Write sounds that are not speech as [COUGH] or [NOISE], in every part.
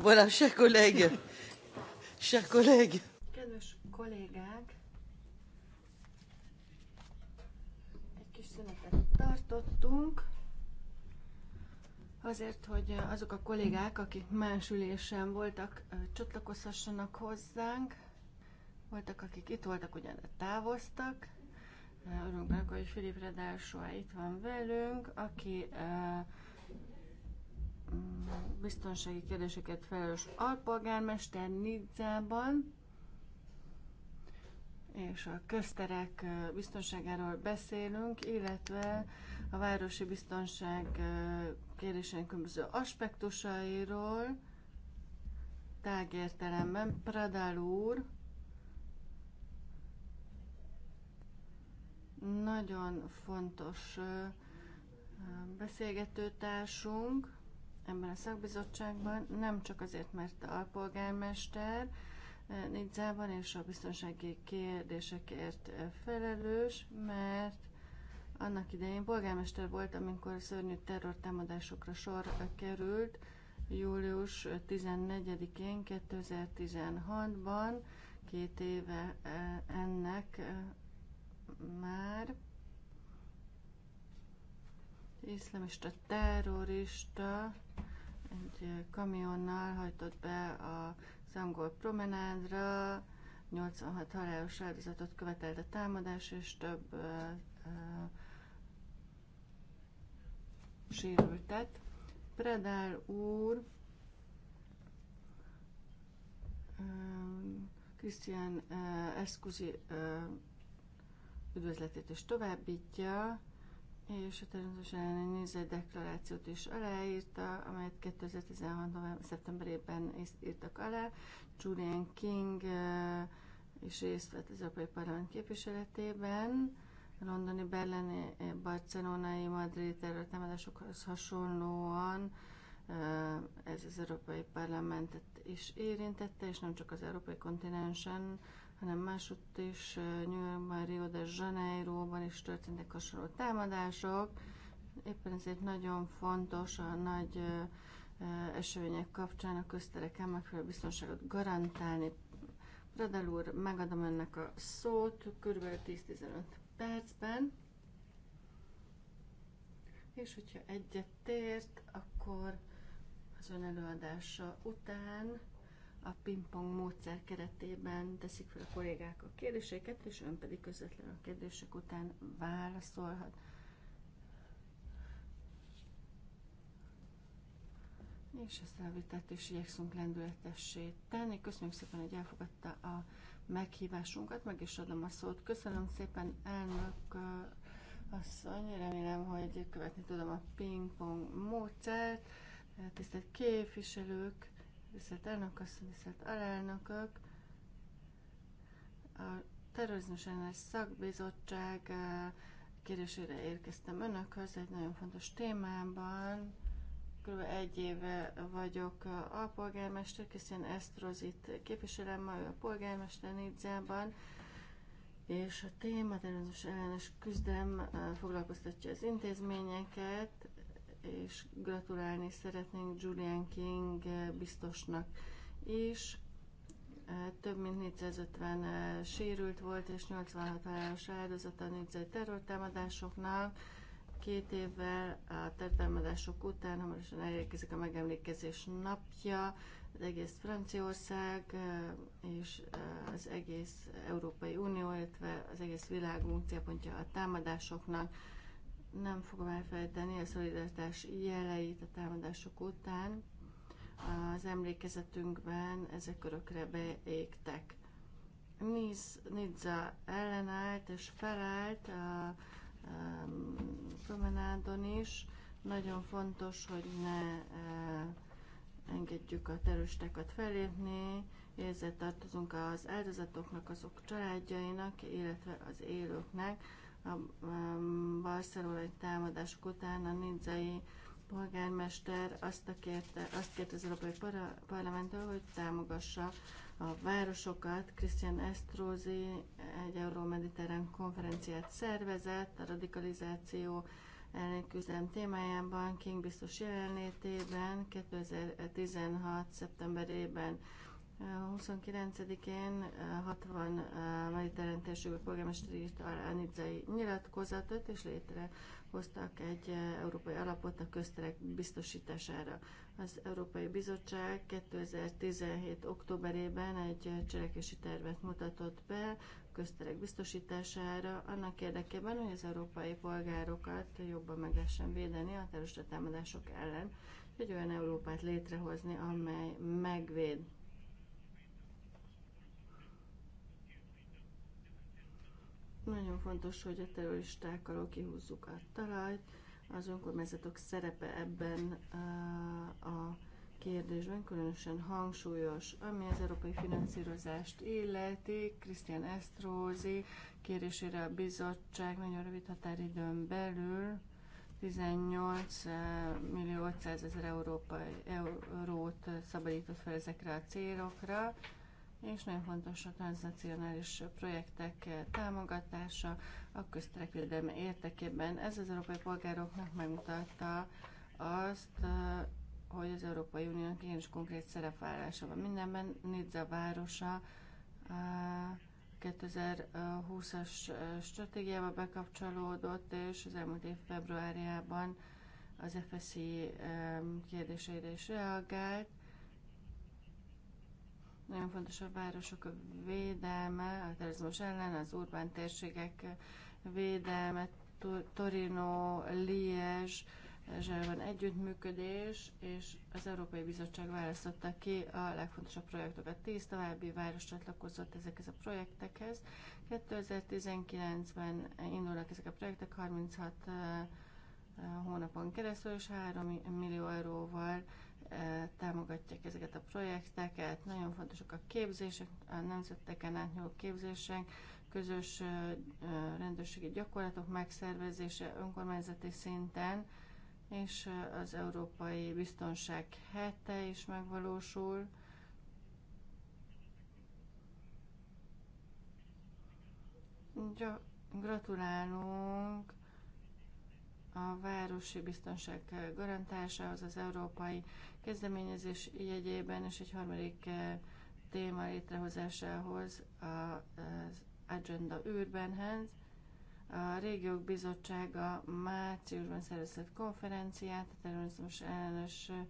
Voilà, chers collègues. chers collègues. Kedves kollégák, egy kis szünetet tartottunk, azért, hogy azok a kollégák, akik más ülésen voltak, csatlakozhassanak hozzánk. Voltak, akik itt voltak, ugyan távoztak. Örülünk annak, hogy Filip Redásoa itt van velünk, aki uh, biztonsági kérdéseket felelős alpolgármester Nidzában, és a közterek biztonságáról beszélünk, illetve a városi biztonság kérdésen különböző aspektusairól, tágértelemben Pradál úr nagyon fontos beszélgetőtársunk, ebben a szakbizottságban, nem csak azért, mert a polgármester eh, Nidzában és a biztonsági kérdésekért eh, felelős, mert annak idején polgármester volt, amikor szörnyű terrortámadásokra sor eh, került, július 14-én 2016-ban, két éve ennek már, iszlamista terrorista egy kamionnal hajtott be a angol promenádra, 86 halálos áldozatot követelt a támadás, és több uh, uh, sérültet. Predál úr Krisztián uh, Eszkuzi uh, üdvözletét is továbbítja, és természetesen egy nézett deklarációt is aláírta, amelyet 2016. November, szeptemberében írtak alá. Julian King is részt vett az Európai Parlament képviseletében. Londoni, Berlini, eh, Barcelonai, Madrid terrortámadásokhoz hasonlóan ez az Európai Parlamentet is érintette, és nem csak az Európai kontinensen, hanem másutt is, New Yorkban, Rio de Janeiroban is történtek hasonló támadások. Éppen ezért nagyon fontos a nagy események kapcsán a köztereken megfelelő biztonságot garantálni. Radal úr, megadom ennek a szót kb. 10-15 percben. És hogyha egyet tért, akkor az ön előadása után a pingpong módszer keretében teszik fel a kollégák a kérdéseket, és ön pedig közvetlenül a kérdések után válaszolhat. És ezt a vitát is igyekszünk lendületessé tenni. Köszönjük szépen, hogy elfogadta a meghívásunkat, meg is adom a szót. Köszönöm szépen, elnök asszony, remélem, hogy követni tudom a pingpong módszert. Tisztelt képviselők, tisztelt elnök, tisztelt alelnökök, a terrorizmus ellenes szakbizottság eh, kérésére érkeztem önökhöz egy nagyon fontos témában. Kb. egy éve vagyok a polgármester, hiszen Esztrozit képviselem, ma ő a polgármester Nidzában, és a téma terrorizmus ellenes küzdelem eh, foglalkoztatja az intézményeket, és gratulálni szeretnénk Julian King biztosnak is. Több mint 450 sérült volt, és 86 halálos áldozata a négyzeti terrortámadásoknak. Két évvel a terrortámadások után hamarosan elérkezik a megemlékezés napja, az egész Franciaország és az egész Európai Unió, illetve az egész világ célpontja a támadásoknak nem fogom elfelejteni a szolidaritás jeleit a támadások után. Az emlékezetünkben ezek örökre beégtek. Niz, Nizza ellenállt és felállt a, a promenádon is. Nagyon fontos, hogy ne e, engedjük a terüstákat felépni, ezzel tartozunk az áldozatoknak, azok családjainak, illetve az élőknek a um, barcelonai támadások után a nidzai polgármester azt, kérte, azt kérte az Európai Parlamenttől, hogy támogassa a városokat. Christian Estrosi egy euró-mediterrán konferenciát szervezett a radikalizáció elleni küzdelem témájában, King biztos jelenlétében 2016. szeptemberében 29-én 60 mediterrán térségű polgármester írta a nizzai nyilatkozatot, és létrehoztak egy e, európai alapot a közterek biztosítására. Az Európai Bizottság 2017. októberében egy cselekvési tervet mutatott be közterek biztosítására, annak érdekében, hogy az európai polgárokat jobban meg lehessen védeni a terrorista támadások ellen, egy olyan Európát létrehozni, amely megvéd Nagyon fontos, hogy a terroristák alól kihúzzuk a talajt. Az önkormányzatok szerepe ebben eh, a kérdésben különösen hangsúlyos, ami az európai finanszírozást illeti. Krisztián Esztrózi kérésére a bizottság nagyon rövid határidőn belül 18 eh, millió 800 ezer európai, eurót szabadított fel ezekre a célokra és nagyon fontos a transnacionális projektek támogatása a közterek védelme értekében. Ez az európai polgároknak megmutatta azt, hogy az Európai Uniónak ilyen is konkrét szerepvállása van mindenben. Nizza városa 2020-as stratégiába bekapcsolódott, és az elmúlt év februárjában az FSI kérdéseire is reagált. Nagyon fontos a városok védelme, a terrorizmus ellen, az urbán térségek védelme, Torino, Liège, van együttműködés, és az Európai Bizottság választotta ki a legfontosabb projektokat. Tíz további város csatlakozott ezekhez a projektekhez. 2019-ben indulnak ezek a projektek 36 eh, hónapon keresztül, és 3 millió euróval támogatják ezeket a projekteket. Nagyon fontosak a képzések, a nemzeteken átnyúló képzések, közös rendőrségi gyakorlatok megszervezése önkormányzati szinten, és az Európai Biztonság hete is megvalósul. Gratulálunk a városi biztonság garantálása az európai kezdeményezés jegyében, és egy harmadik eh, téma létrehozásához az Agenda űrbenhez. A Régiók Bizottsága márciusban szervezett konferenciát a terrorizmus ellenes eh,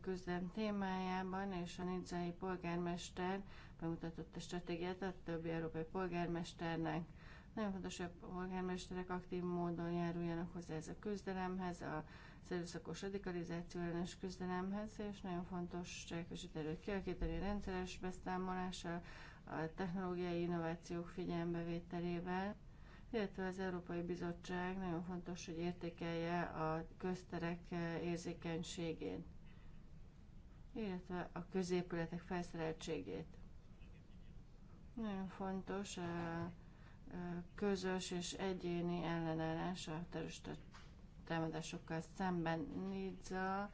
küzdelem témájában, és a nidzai polgármester bemutatott a stratégiát a többi európai polgármesternek. Nagyon fontos, hogy a polgármesterek aktív módon járuljanak hozzá ez a küzdelemhez, a erőszakos radikalizáció ellenes küzdelemhez, és nagyon fontos cselekvési terület kialakítani rendszeres beszámolással, a technológiai innovációk figyelembevételével, illetve az Európai Bizottság nagyon fontos, hogy értékelje a közterek eh, érzékenységét, illetve a középületek felszereltségét. Nagyon fontos a eh, közös és egyéni ellenállás a terüstött támadásokkal szemben. Nidza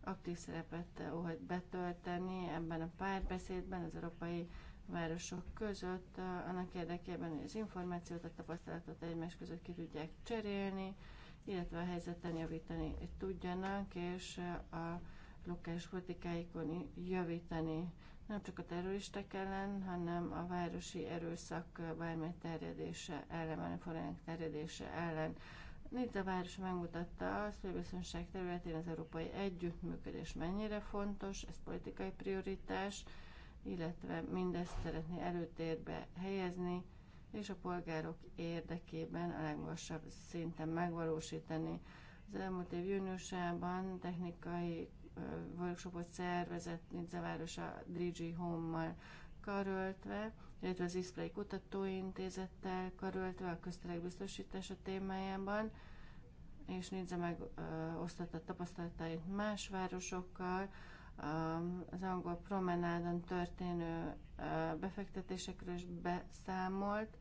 aktív szerepet óhajt betölteni ebben a párbeszédben az európai városok között, annak érdekében, hogy az információt, a tapasztalatot egymás között ki tudják cserélni, illetve a helyzeten javítani tudjanak, és a lokális politikáikon javítani nem csak a terroristák ellen, hanem a városi erőszak bármely terjedése ellen, manipulának terjedése ellen. Itt a város megmutatta azt, hogy a biztonság területén az európai együttműködés mennyire fontos, ez politikai prioritás, illetve mindezt szeretné előtérbe helyezni, és a polgárok érdekében a legmagasabb szinten megvalósítani. Az elmúlt év júniusában technikai workshopot szervezett Nidzaváros a Digi Home-mal karöltve, illetve az Iszprei Kutatóintézettel karöltve a közterek biztosítása témájában, és Nidza osztotta tapasztalatait más városokkal, az angol promenádon történő befektetésekről is beszámolt,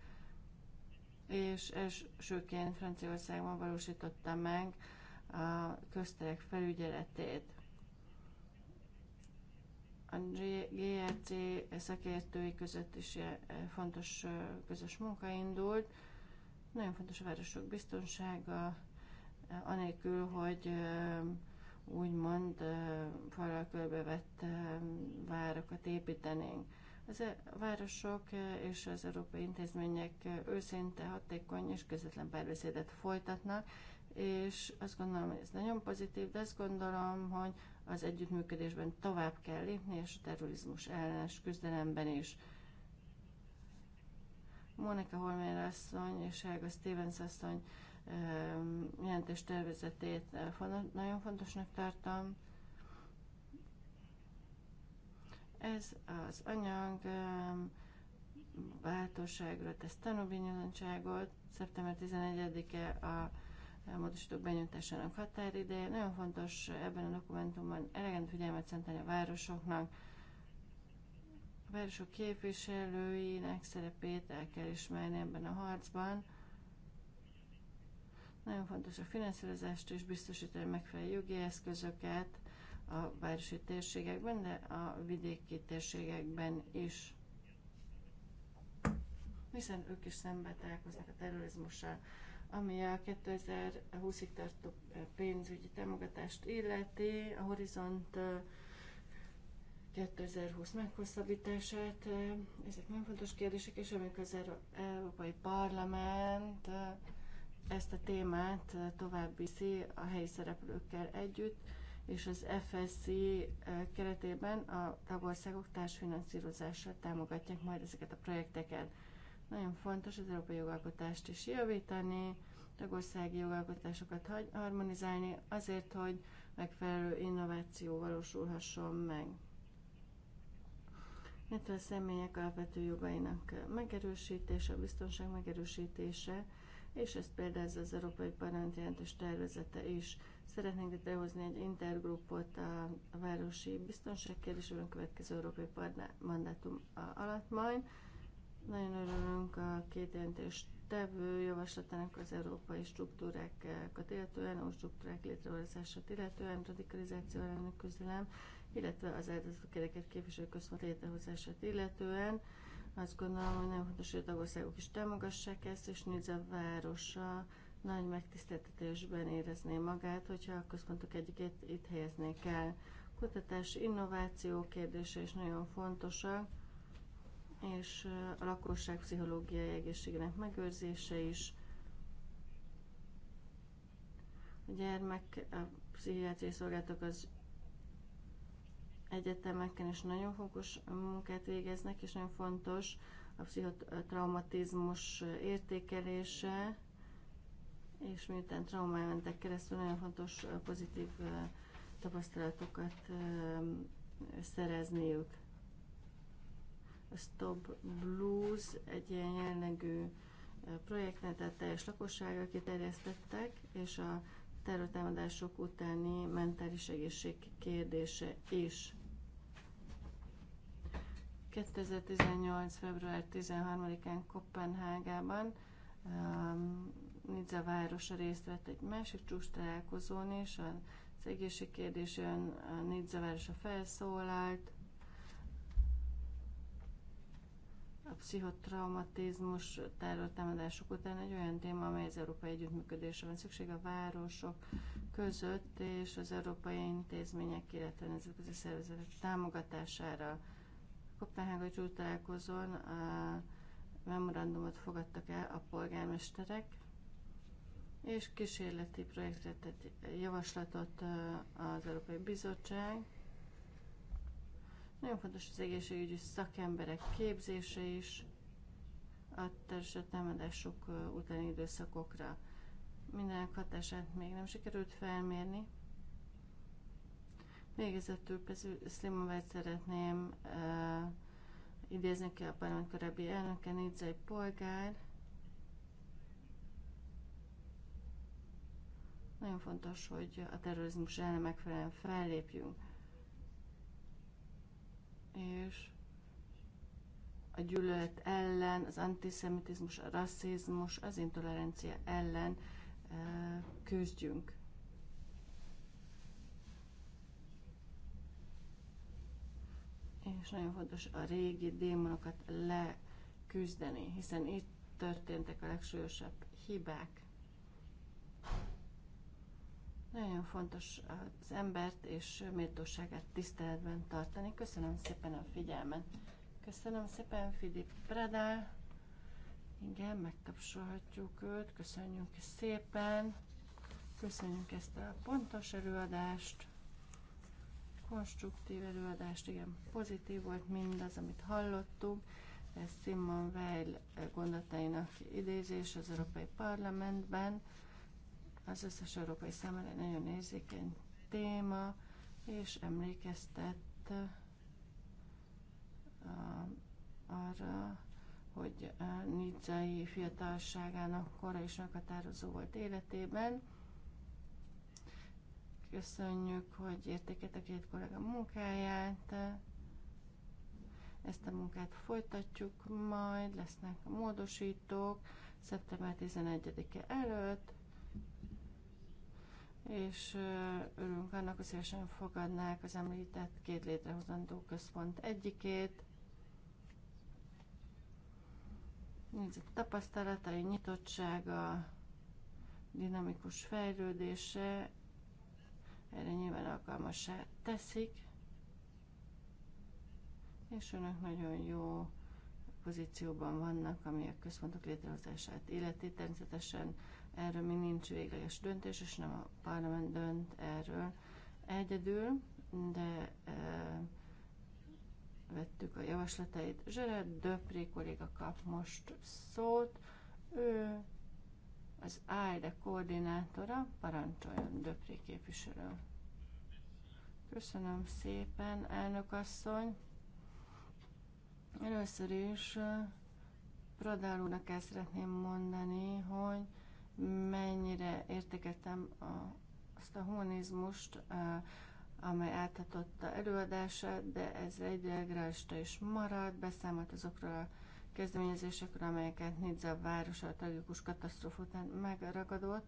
és elsőként Franciaországban valósította meg a közterek felügyeletét a GRC szakértői között is eh, fontos eh, közös munka indult. Nagyon fontos a városok biztonsága, eh, anélkül, hogy úgymond falak körbevett várokat építenénk. Az e, a városok és az európai intézmények őszinte, hatékony és közvetlen párbeszédet folytatnak, és azt gondolom, hogy ez nagyon pozitív, de azt gondolom, hogy az együttműködésben tovább kell lépni, és a terrorizmus ellenes küzdelemben is. Monika Holmér asszony és Helga Stevens asszony jelentés tervezetét nagyon fontosnak tartom. Ez az anyag váltóságra tesz tanúbizonyságot. Szeptember 11-e a a módosítók benyújtásának határideje. Nagyon fontos ebben a dokumentumban elegendő figyelmet szentelni a városoknak, a városok képviselőinek szerepét el kell ismerni ebben a harcban. Nagyon fontos a finanszírozást is biztosítani megfelelő jogi eszközöket a városi térségekben, de a vidéki térségekben is. Hiszen ők is szembe találkoznak a terrorizmussal ami a 2020-ig tartó pénzügyi támogatást illeti, a Horizont 2020 meghosszabbítását. Ezek nagyon fontos kérdések, és amikor az Európai Parlament ezt a témát tovább viszi a helyi szereplőkkel együtt, és az FSZI keretében a tagországok társfinanszírozásra támogatják majd ezeket a projekteket. Nagyon fontos az európai jogalkotást is javítani, tagországi jogalkotásokat harmonizálni, azért, hogy megfelelő innováció valósulhasson meg. Illetve a személyek alapvető jogainak megerősítése, a biztonság megerősítése, és ezt példázza az Európai Parlament jelentős tervezete is. Szeretnénk behozni egy intergrupot a városi biztonság kérdésében a következő Európai Mandátum alatt majd, nagyon örülünk a két jelentés tevő javaslatának az európai struktúrákat illetően, új struktúrák létrehozását illetően, radikalizáció elleni küzdelem, illetve az áldozatok képviselő központ létrehozását illetően. Azt gondolom, hogy nagyon fontos, hogy a tagországok is támogassák ezt, és Nizza városa nagy megtiszteltetésben érezné magát, hogyha a központok egyikét itt helyeznék el. Kutatás, innováció kérdése is nagyon fontosak és a lakosság pszichológiai egészségének megőrzése is. A gyermek a pszichiátriai szolgáltatók az egyetemeken is nagyon fontos munkát végeznek, és nagyon fontos a pszichotraumatizmus értékelése, és miután traumán mentek keresztül, nagyon fontos pozitív tapasztalatokat szerezniük a Stop Blues egy ilyen jellegű eh, projektnél, tehát teljes lakosságra kiterjesztettek, és a terrortámadások utáni mentális egészség kérdése is. 2018. február 13-án Kopenhágában um, Nidza városa részt vett egy másik csúcs találkozón, és az egészség kérdésén eh, Nidza városa felszólalt, A pszichotraumatizmus terrortámadások után egy olyan téma, amely az európai együttműködésre van szükség a városok között és az európai intézmények, illetve nemzetközi szervezetek támogatására. Kopenhága csúcs találkozón a memorandumot fogadtak el a polgármesterek, és kísérleti projektet, javaslatot az Európai Bizottság, nagyon fontos az egészségügyi szakemberek képzése is a terület támadások utáni időszakokra. Mindenek hatását még nem sikerült felmérni. Végezetül Szlimovát szeretném uh, idézni ki a parlament korábbi elnöke, Nidzai polgár. Nagyon fontos, hogy a terrorizmus ellen megfelelően fellépjünk és a gyűlölet ellen, az antiszemitizmus, a rasszizmus, az intolerancia ellen küzdjünk. És nagyon fontos a régi démonokat leküzdeni, hiszen itt történtek a legsúlyosabb hibák. Nagyon fontos az embert és méltóságát tiszteletben tartani. Köszönöm szépen a figyelmet. Köszönöm szépen Filip Prada. Igen, megtapsolhatjuk őt. Köszönjük szépen. Köszönjük ezt a pontos előadást. Konstruktív előadást, igen, pozitív volt mindaz, amit hallottunk. Ez Simon Weil gondolatainak idézés az Európai Parlamentben az összes európai számára egy nagyon érzékeny téma, és emlékeztet arra, hogy Nizzai fiatalságának kora is meghatározó volt életében. Köszönjük, hogy értéket a két kollega munkáját. Ezt a munkát folytatjuk majd, lesznek a módosítók szeptember 11-e előtt és örülünk annak, hogy szívesen fogadnák az említett két létrehozandó központ egyikét. Nézzük tapasztalatai, nyitottsága, dinamikus fejlődése, erre nyilván alkalmasá teszik, és önök nagyon jó pozícióban vannak, ami a központok létrehozását illeti. Természetesen Erről még nincs végleges döntés, és nem a parlament dönt erről egyedül, de e, vettük a javaslatait. Zsered Döpré kolléga kap most szót. Ő az AIDE koordinátora, parancsoljon Döpré képviselő. Köszönöm szépen, elnök asszony. Először is e, Pradál úrnak el szeretném mondani, hogy mennyire értékeltem azt a humanizmust, amely átadotta előadását, de ez egy realista is maradt, beszámolt azokról a kezdeményezésekről, amelyeket Nidza városa a tragikus katasztrófa után megragadott.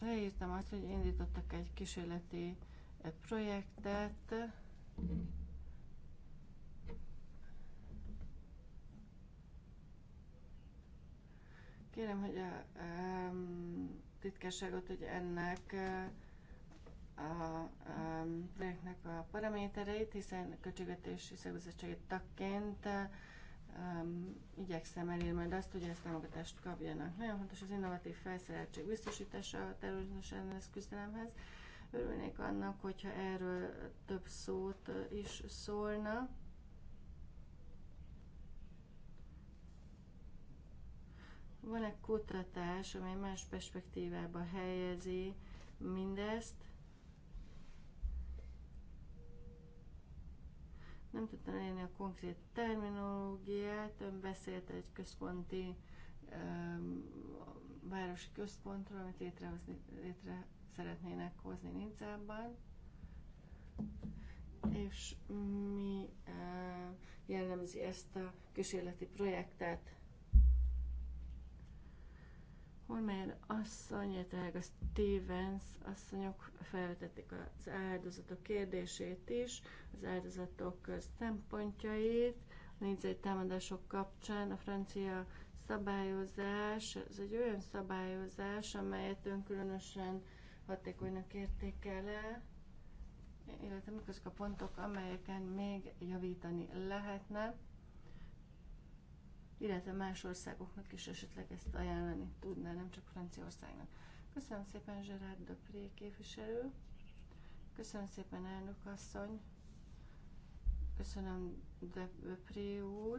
Leírtam azt, hogy indítottak egy kísérleti projektet, Kérem, hogy a um, titkárságot, hogy ennek eh, a, um, projektnek a paramétereit, hiszen költségvetési szakbizottsági tagként um, igyekszem elérni majd azt, hogy ezt támogatást kapjanak. Nagyon fontos az innovatív felszereltség biztosítása a terrorizmus ellenes küzdelemhez. Örülnék annak, hogyha erről több szót eh, is szólna. Van egy kutatás, amely más perspektívába helyezi mindezt. Nem tudtam elérni a konkrét terminológiát, ön beszélt egy központi um, városi központról, amit létrehozni, létre szeretnének hozni Nincában és mi jellemzi ezt a kísérleti projektet. Holmeyer asszony, tehát a Stevens asszonyok felvetették az áldozatok kérdését is, az áldozatok szempontjait, a négyzeti támadások kapcsán a francia szabályozás, ez egy olyan szabályozás, amelyet ön különösen hatékonynak értékel el, illetve mik azok a pontok, amelyeken még javítani lehetne illetve más országoknak is esetleg ezt ajánlani tudná, nem csak Franciaországnak. Köszönöm szépen Gerard Dupré képviselő, köszönöm szépen elnök asszony, köszönöm Dupré úr,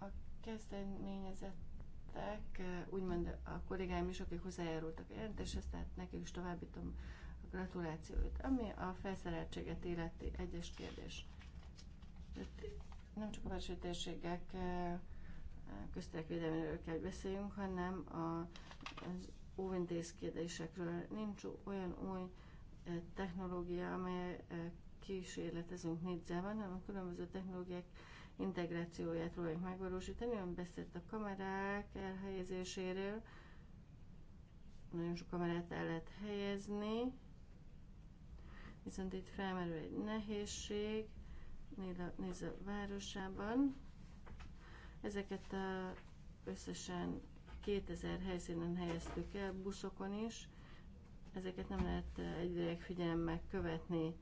a kezdeményezettek, úgymond a kollégáim is, akik hozzájárultak a jelentéshez, tehát nekik is továbbítom a gratulációt, ami a felszereltséget illeti egyes kérdés. Nem csak a belső térségek eh, közterek védelméről kell beszéljünk, hanem a, az óvintézkedésekről. Nincs olyan új eh, technológia, amely eh, kísérletezünk négyzában, hanem a különböző technológiák integrációját próbáljuk megvalósítani. Ön beszélt a kamerák elhelyezéséről, nagyon sok kamerát el lehet helyezni, viszont itt felmerül egy nehézség, a városában. Ezeket a összesen 2000 helyszínen helyeztük el, buszokon is. Ezeket nem lehet eh, egyre figyelemmel követni,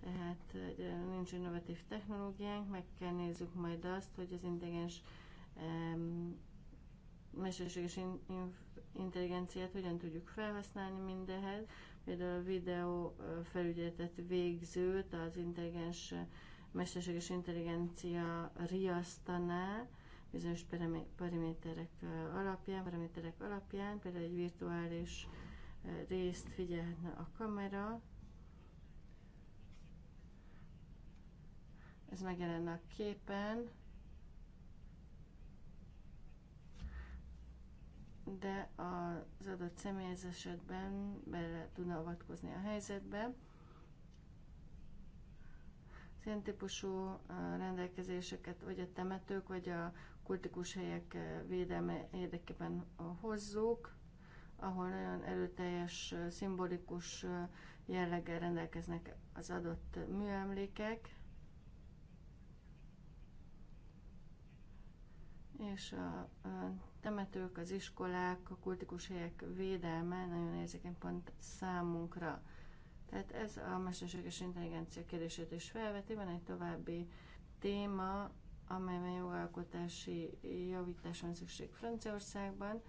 tehát eh, nincs innovatív technológiánk, meg kell nézzük majd azt, hogy az intelligens em, mesterséges in, in, intelligenciát hogyan tudjuk felhasználni mindehez. Például a videó eh, felügyeletet végzőt az intelligens em, mesterséges intelligencia riasztaná bizonyos paraméterek alapján, paraméterek alapján, például egy virtuális részt figyelhetne a kamera, ez megjelenne a képen, de az adott személy esetben bele tudna avatkozni a helyzetbe az ilyen típusú rendelkezéseket vagy a temetők, vagy a kultikus helyek védelme érdekében hozzuk, ahol nagyon erőteljes, szimbolikus jelleggel rendelkeznek az adott műemlékek, és a, temetők, az iskolák, a kultikus helyek védelme nagyon érzékeny pont számunkra. Tehát ez a mesterséges intelligencia kérdését is felveti. Van egy további téma, amelyben jogalkotási javítás van szükség Franciaországban,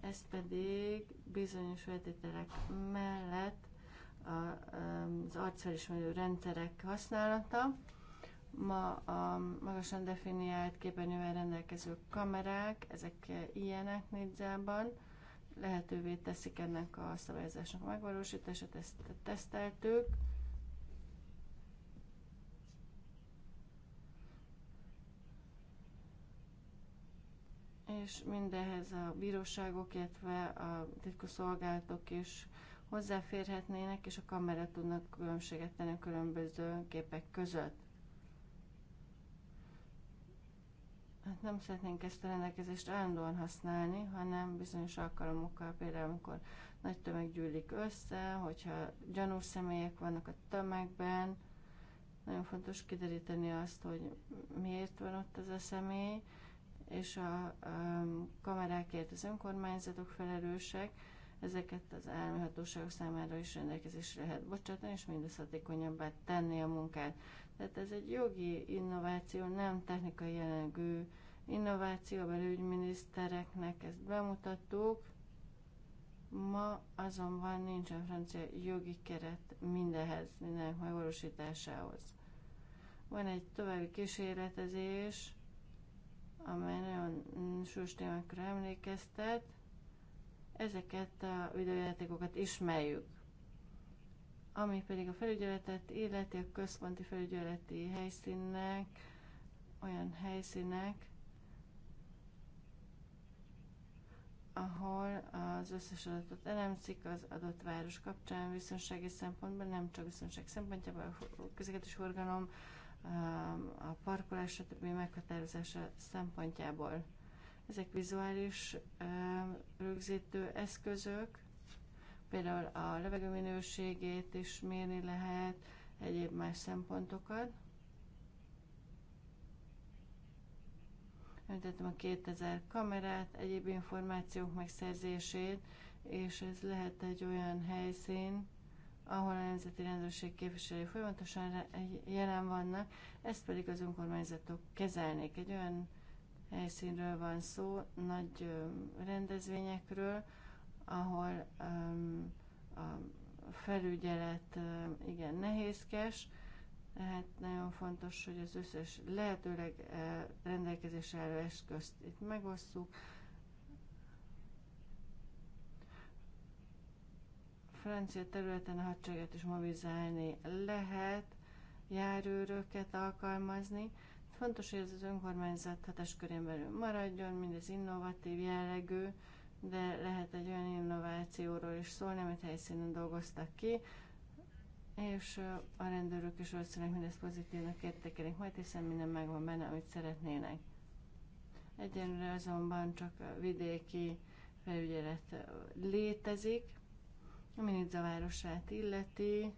ez pedig bizonyos feltételek mellett a, az arcfelismerő rendszerek használata. Ma a magasan definiált képernyővel rendelkező kamerák, ezek ilyenek négyzában, lehetővé teszik ennek a szabályozásnak a megvalósítását, ezt teszteltük. És mindehhez a bíróságok, illetve a titkosszolgálatok is hozzáférhetnének, és a kamera tudnak különbséget tenni a különböző képek között. Hát nem szeretnénk ezt a rendelkezést állandóan használni, hanem bizonyos alkalomokkal, például amikor nagy tömeg gyűlik össze, hogyha gyanús személyek vannak a tömegben, nagyon fontos kideríteni azt, hogy miért van ott az a személy, és a, a um, kamerákért az önkormányzatok felelősek, ezeket az állami hatóságok számára is rendelkezésre lehet bocsátani, és mindez hatékonyabbá tenni a munkát. Tehát ez egy jogi innováció, nem technikai jellegű innováció, a belügyminisztereknek ezt bemutattuk. Ma azonban nincsen francia jogi keret mindehez, mindenek megvalósításához. Van egy további kísérletezés, amely nagyon súlyos témákra emlékeztet. Ezeket a videójátékokat ismerjük. Ami pedig a felügyeletet illeti, a központi felügyeleti helyszínnek, olyan helyszínek, ahol az összes adatot elemzik az adott város kapcsán biztonsági szempontból, nem csak biztonság szempontjából, a közlekedés forgalom, a parkolás, többi meghatározása szempontjából. Ezek vizuális rögzítő eszközök, Például a levegő minőségét is mérni lehet, egyéb más szempontokat. Említettem a 2000 kamerát, egyéb információk megszerzését, és ez lehet egy olyan helyszín, ahol a Nemzeti Rendőrség képviselői folyamatosan jelen vannak, ezt pedig az önkormányzatok kezelnék. Egy olyan helyszínről van szó, nagy rendezvényekről, ahol um, a felügyelet um, igen nehézkes, tehát nagyon fontos, hogy az összes lehetőleg rendelkezésre álló eszközt itt megosszuk. francia területen a hadsereget is mobilizálni lehet, járőröket alkalmazni. Fontos, hogy ez az önkormányzat hatáskörén belül maradjon, mindez innovatív jellegű, de lehet egy olyan innovációról is szólni, amit helyszínen dolgoztak ki, és a rendőrök és valószínűleg mindezt pozitívnak értékelik majd, hiszen minden megvan benne, amit szeretnének. Egyenre azonban csak a vidéki felügyelet létezik, ami itt a városát illeti.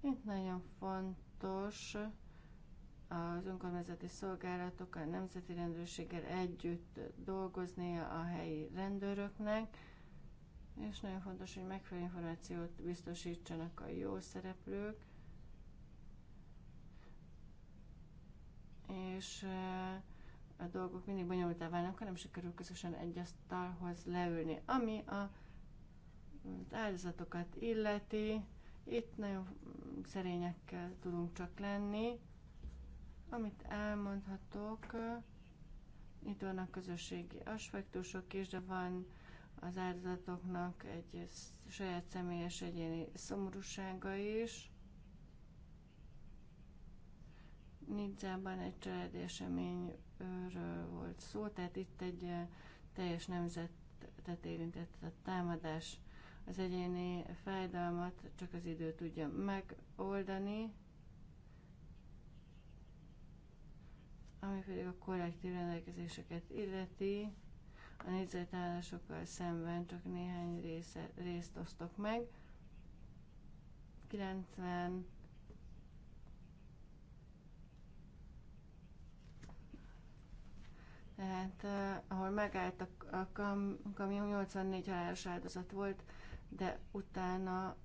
Itt nagyon fontos, az önkormányzati szolgálatok a nemzeti rendőrséggel együtt dolgoznia a helyi rendőröknek, és nagyon fontos, hogy megfelelő információt biztosítsanak a jó szereplők, és eh, a dolgok mindig bonyolultá válnak, hanem nem sikerül közösen egy asztalhoz leülni. Ami a az áldozatokat illeti, itt nagyon szerényekkel tudunk csak lenni, amit elmondhatok, itt vannak közösségi aspektusok is, de van az áldozatoknak egy saját személyes egyéni szomorúsága is. Nidzában egy családi eseményről volt szó, tehát itt egy eh, teljes nemzetet érintett a támadás. Az egyéni fájdalmat csak az idő tudja megoldani, Ami pedig a kollektív rendelkezéseket illeti, a négyzetállásokkal szemben csak néhány része, részt osztok meg. 90 Tehát uh, ahol megállt a, a kam, kamion, 84 halálos áldozat volt, de utána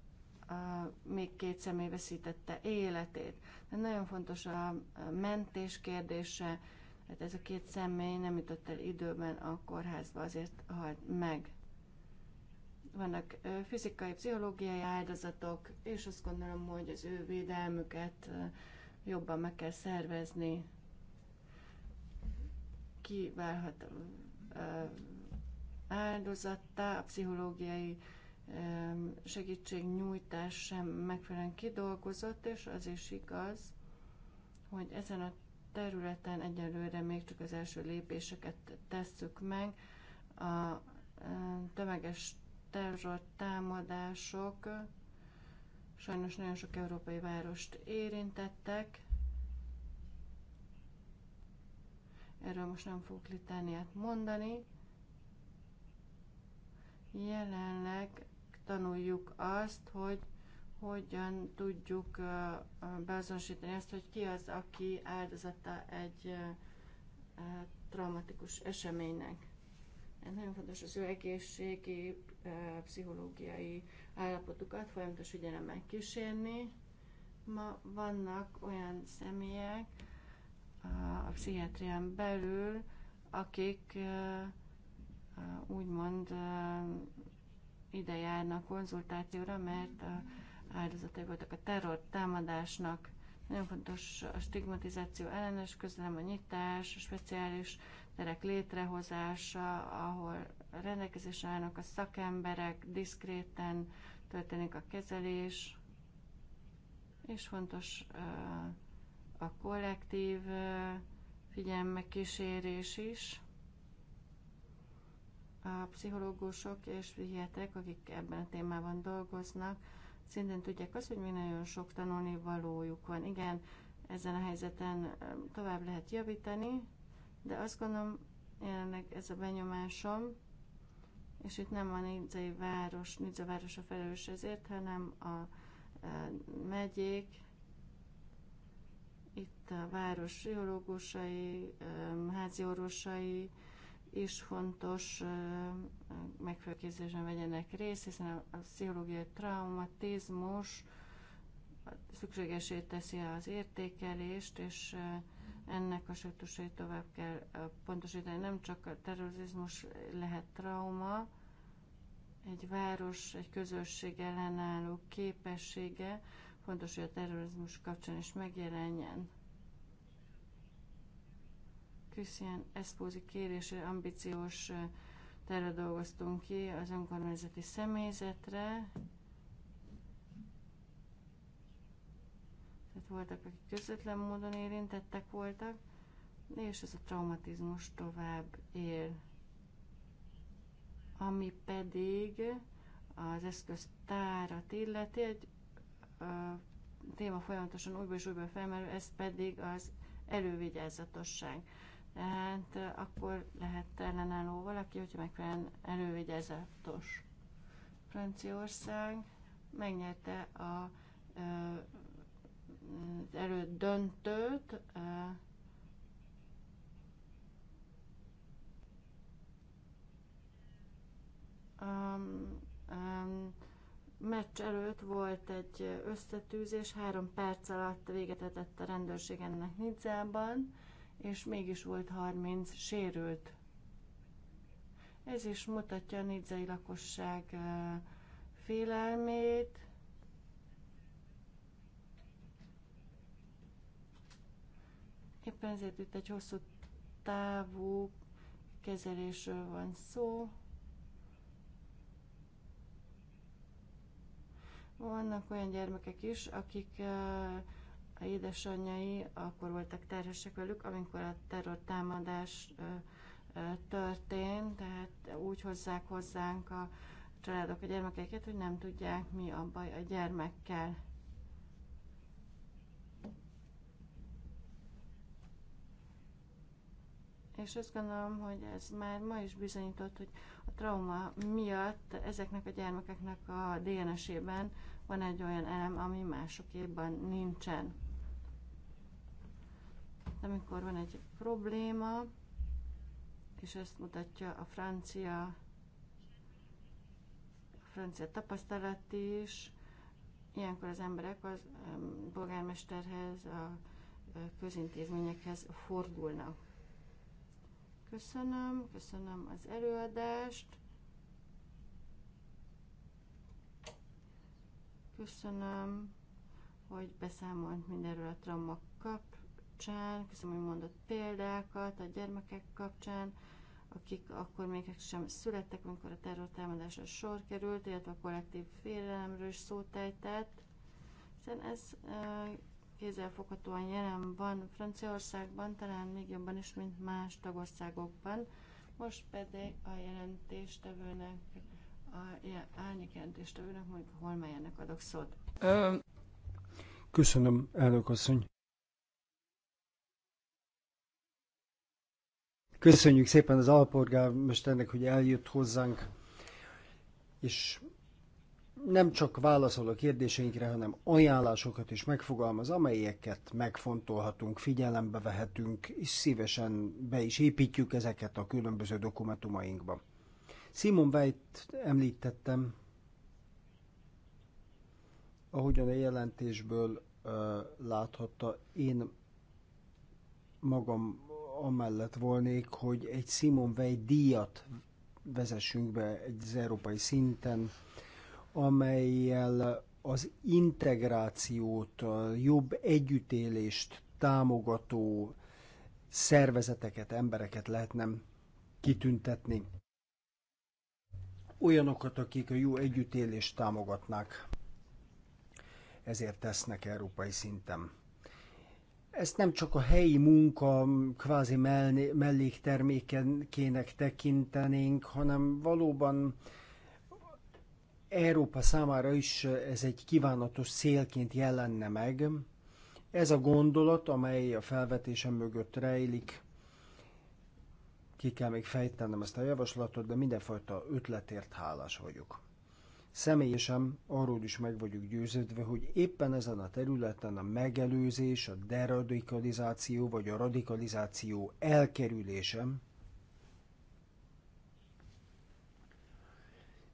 még két személy veszítette életét. De nagyon fontos a mentés kérdése, tehát ez a két személy nem jutott el időben a kórházba, azért halt meg. Vannak fizikai, pszichológiai áldozatok, és azt gondolom, hogy az ő védelmüket jobban meg kell szervezni. Ki válhat áldozattá a pszichológiai segítségnyújtás sem megfelelően kidolgozott, és az is igaz, hogy ezen a területen egyelőre még csak az első lépéseket tesszük meg. A tömeges terror támadások sajnos nagyon sok európai várost érintettek. Erről most nem fogok litániát mondani. Jelenleg tanuljuk azt, hogy hogyan tudjuk beazonosítani azt, hogy ki az, aki áldozata egy traumatikus eseménynek. Ez nagyon fontos az ő egészségi, pszichológiai állapotukat folyamatos figyelemmel kísérni. Ma vannak olyan személyek a pszichiátrián belül, akik úgymond ide járnak konzultációra, mert a áldozatai voltak a terror támadásnak. Nagyon fontos a stigmatizáció ellenes közelem, a nyitás, a speciális terek létrehozása, ahol rendelkezésre állnak a szakemberek, diszkréten történik a kezelés, és fontos a kollektív figyelme kísérés is. A pszichológusok és pszichiáterek, akik ebben a témában dolgoznak, szintén tudják azt, hogy még nagyon sok tanulni valójuk van. Igen, ezen a helyzeten tovább lehet javítani, de azt gondolom, jelenleg ez a benyomásom, és itt nem a Nidzai város, Nidza város a felelős ezért, hanem a, a e, megyék, itt a város pszichológusai, házi orvosai, is fontos megfelelő vegyenek részt, hiszen a pszichológiai traumatizmus szükségesé teszi az értékelést, és ennek a sötusai tovább kell pontosítani. Nem csak a terrorizmus lehet trauma, egy város, egy közösség ellenálló képessége, fontos, hogy a terrorizmus kapcsán is megjelenjen. Krisztián Eszpózi kérésre ambiciós terve dolgoztunk ki az önkormányzati személyzetre. Tehát voltak, akik közvetlen módon érintettek voltak, és ez a traumatizmus tovább él. Ami pedig az eszköztárat illeti, egy a téma folyamatosan újból és újból felmerül, ez pedig az elővigyázatosság tehát akkor lehet ellenálló valaki, hogyha megfelelően elővigyázatos. Franciaország megnyerte a az elődöntőt, a um, meccs előtt volt egy összetűzés, három perc alatt véget vetett a rendőrség ennek Nidzában és mégis volt 30 sérült. Ez is mutatja a nidzai lakosság félelmét, Éppen ezért itt egy hosszú távú kezelésről van szó. Vannak olyan gyermekek is, akik uh, a édesanyjai akkor voltak terhesek velük, amikor a terrortámadás történt, tehát úgy hozzák hozzánk a családok a gyermekeiket, hogy nem tudják, mi a baj a gyermekkel. És azt gondolom, hogy ez már ma is bizonyított, hogy a trauma miatt ezeknek a gyermekeknek a DNS-ében van egy olyan elem, ami másokéban nincsen amikor van egy probléma, és ezt mutatja a francia, a francia tapasztalat is, ilyenkor az emberek az polgármesterhez, a közintézményekhez fordulnak. Köszönöm, köszönöm az előadást. Köszönöm, hogy beszámolt mindenről a trauma kap, kapcsán, köszönöm, hogy mondott példákat a gyermekek kapcsán, akik akkor még hát sem születtek, amikor a terrortámadásra sor került, illetve a kollektív félelemről is ejtett. hiszen ez kézzelfoghatóan jelen van Franciaországban, talán még jobban is, mint más tagországokban. Most pedig a jelentéstevőnek, a árnyék jelentéstevőnek, mondjuk Holmejernek adok szót. Köszönöm, elnök asszony. Köszönjük szépen az alpolgármesternek, hogy eljött hozzánk, és nem csak válaszol a kérdéseinkre, hanem ajánlásokat is megfogalmaz, amelyeket megfontolhatunk, figyelembe vehetünk, és szívesen be is építjük ezeket a különböző dokumentumainkba. Simon Weit említettem, ahogyan a jelentésből uh, láthatta, én magam amellett volnék, hogy egy Simon Weil díjat vezessünk be egy európai szinten, amelyel az integrációt, a jobb együttélést támogató szervezeteket, embereket lehetne kitüntetni. Olyanokat, akik a jó együttélést támogatnák, ezért tesznek európai szinten ezt nem csak a helyi munka kvázi melléktermékenkének tekintenénk, hanem valóban Európa számára is ez egy kívánatos célként jelenne meg. Ez a gondolat, amely a felvetésem mögött rejlik, ki kell még fejtenem ezt a javaslatot, de mindenfajta ötletért hálás vagyok. Személyesen arról is meg vagyok győződve, hogy éppen ezen a területen a megelőzés, a deradikalizáció vagy a radikalizáció elkerülése,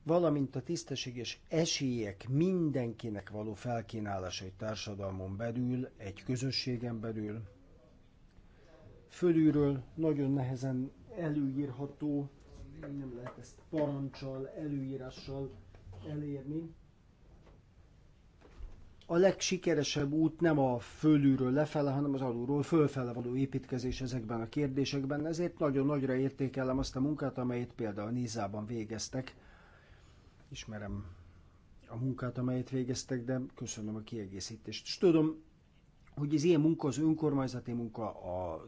valamint a tisztességes esélyek mindenkinek való felkínálása egy társadalmon belül, egy közösségen belül, fölülről nagyon nehezen előírható, nem lehet ezt parancsal, előírással elérni. A legsikeresebb út nem a fölülről lefele, hanem az alulról fölfele való építkezés ezekben a kérdésekben, ezért nagyon nagyra értékelem azt a munkát, amelyet például Nízában végeztek. Ismerem a munkát, amelyet végeztek, de köszönöm a kiegészítést. És tudom, hogy az ilyen munka, az önkormányzati munka, a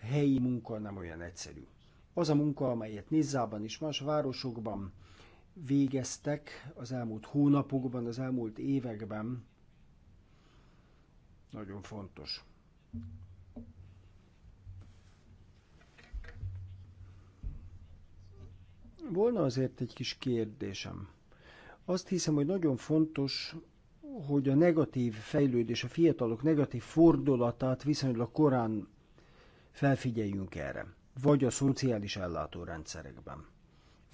helyi munka nem olyan egyszerű. Az a munka, amelyet Nizzában és más városokban végeztek az elmúlt hónapokban, az elmúlt években, nagyon fontos. Volna azért egy kis kérdésem. Azt hiszem, hogy nagyon fontos, hogy a negatív fejlődés, a fiatalok negatív fordulatát viszonylag korán felfigyeljünk erre, vagy a szociális ellátórendszerekben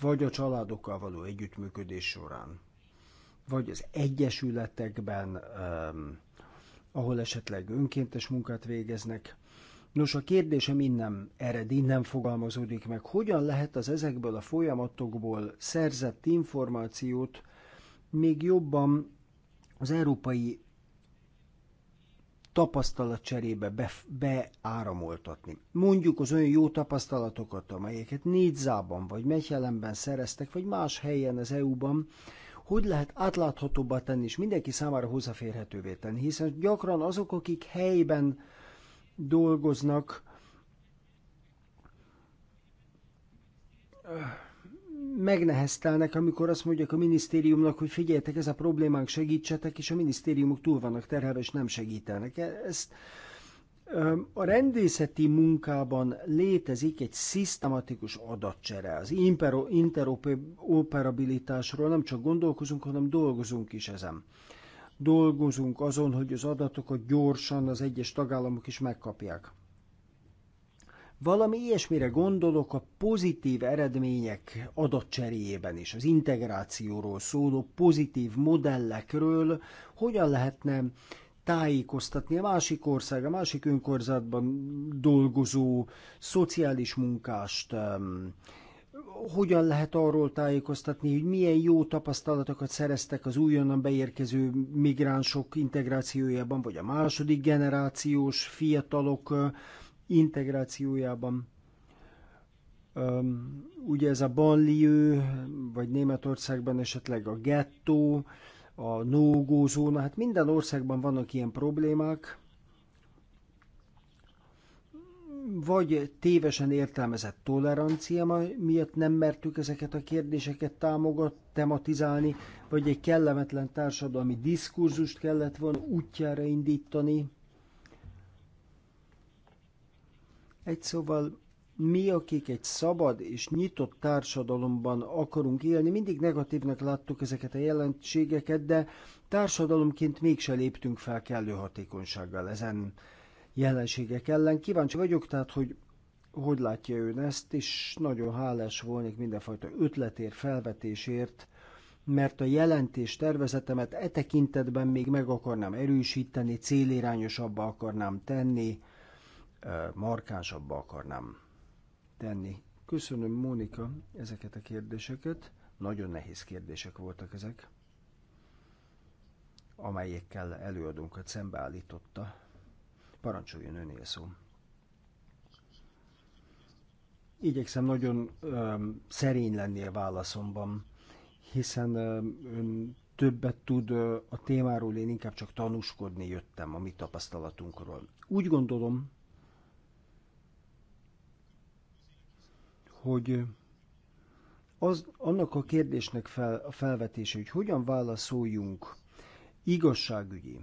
vagy a családokkal való együttműködés során, vagy az egyesületekben, ehm, ahol esetleg önkéntes munkát végeznek. Nos, a kérdésem innen ered, innen fogalmazódik meg, hogyan lehet az ezekből a folyamatokból szerzett információt még jobban az európai tapasztalatcserébe be, beáramoltatni. Mondjuk az olyan jó tapasztalatokat, amelyeket Négyzában, vagy Mechelenben szereztek, vagy más helyen az EU-ban, hogy lehet átláthatóbbá tenni, és mindenki számára hozzáférhetővé tenni, hiszen gyakran azok, akik helyben dolgoznak, megneheztelnek, amikor azt mondják a minisztériumnak, hogy figyeljetek, ez a problémánk, segítsetek, és a minisztériumok túl vannak terhelve, és nem segítenek. Ezt a rendészeti munkában létezik egy szisztematikus adatcsere. Az interoperabilitásról nem csak gondolkozunk, hanem dolgozunk is ezen. Dolgozunk azon, hogy az adatokat gyorsan az egyes tagállamok is megkapják. Valami ilyesmire gondolok a pozitív eredmények adatcseréjében is, az integrációról szóló pozitív modellekről, hogyan lehetne tájékoztatni a másik ország, a másik önkorzatban dolgozó szociális munkást, hogyan lehet arról tájékoztatni, hogy milyen jó tapasztalatokat szereztek az újonnan beérkező migránsok integrációjában, vagy a második generációs fiatalok integrációjában. ugye ez a banlieu, vagy Németországban esetleg a gettó, a no zóna, hát minden országban vannak ilyen problémák, vagy tévesen értelmezett tolerancia miatt nem mertük ezeket a kérdéseket támogat, tematizálni, vagy egy kellemetlen társadalmi diskurzust kellett volna útjára indítani, Egy szóval mi, akik egy szabad és nyitott társadalomban akarunk élni, mindig negatívnak láttuk ezeket a jelenségeket, de társadalomként mégse léptünk fel kellő hatékonysággal ezen jelenségek ellen. Kíváncsi vagyok, tehát, hogy hogy látja ön ezt, és nagyon hálás volnék mindenfajta ötletért, felvetésért, mert a jelentés tervezetemet e tekintetben még meg akarnám erősíteni, célirányosabbá akarnám tenni, markánsabbá akarnám tenni. Köszönöm, Mónika, ezeket a kérdéseket. Nagyon nehéz kérdések voltak ezek, amelyekkel előadónkat szembeállította. Parancsoljon önél szó. Igyekszem nagyon öm, szerény lenni a válaszomban, hiszen öm, ön többet tud a témáról, én inkább csak tanúskodni jöttem a mi tapasztalatunkról. Úgy gondolom, hogy az, annak a kérdésnek fel, a felvetése, hogy hogyan válaszoljunk igazságügyi,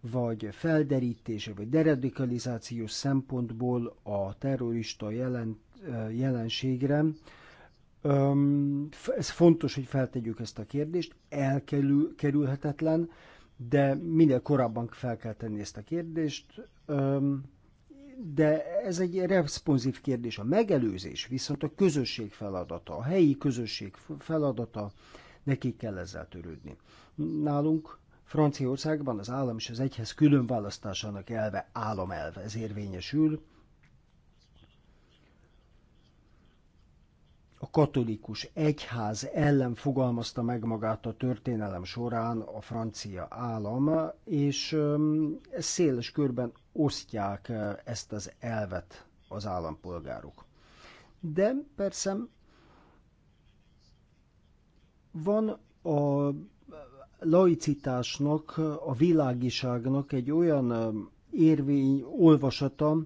vagy felderítése, vagy deradikalizációs szempontból a terrorista jelen, jelenségre, ez fontos, hogy feltegyük ezt a kérdést, elkerülhetetlen, de minél korábban fel kell tenni ezt a kérdést, de ez egy responsív kérdés. A megelőzés viszont a közösség feladata, a helyi közösség feladata, nekik kell ezzel törődni. Nálunk Franciaországban az állam és az egyhez külön választásának elve államelv, ez érvényesül. A katolikus egyház ellen fogalmazta meg magát a történelem során a francia állam, és ez széles körben osztják ezt az elvet az állampolgárok. De persze van a laicitásnak, a világiságnak egy olyan érvény olvasata,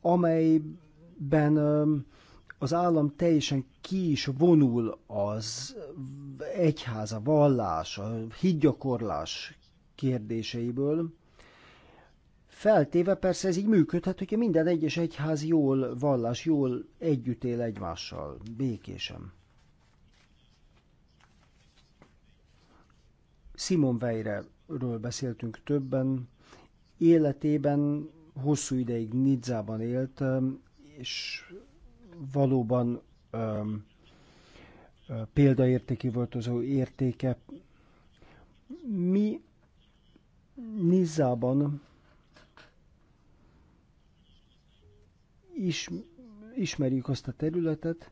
amelyben az állam teljesen ki is vonul az egyház, a vallás, a hídgyakorlás kérdéseiből, Feltéve persze ez így működhet, hogyha minden egyes egyház jól, vallás jól együtt él egymással, békésen. Simon Weyre-ről beszéltünk többen. Életében hosszú ideig Nidzában élt, és valóban um, példaértéki volt az ő értéke. Mi Nizzában is, ismerjük azt a területet,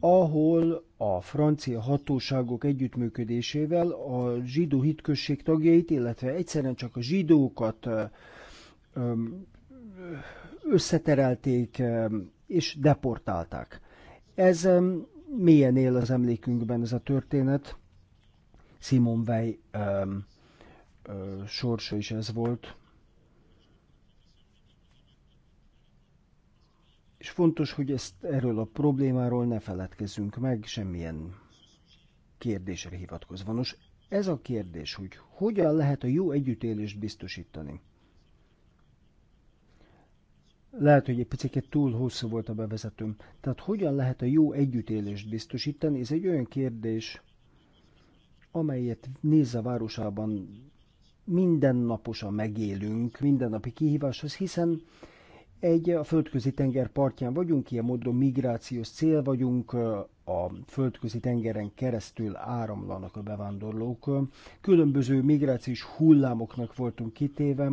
ahol a francia hatóságok együttműködésével a zsidó hitközség tagjait, illetve egyszerűen csak a zsidókat összeterelték és deportálták. Ez mélyen él az emlékünkben ez a történet. Simon Weil sorsa is ez volt, És fontos, hogy ezt erről a problémáról ne feledkezzünk meg semmilyen kérdésre hivatkozva. Nos, ez a kérdés, hogy hogyan lehet a jó együttélést biztosítani. Lehet, hogy egy picit túl hosszú volt a bevezetőm. Tehát hogyan lehet a jó együttélést biztosítani? Ez egy olyan kérdés, amelyet a városában mindennaposan megélünk, mindennapi kihíváshoz, hiszen egy, a földközi tenger partján vagyunk, ilyen módon migrációs cél vagyunk, a földközi tengeren keresztül áramlanak a bevándorlók. Különböző migrációs hullámoknak voltunk kitéve,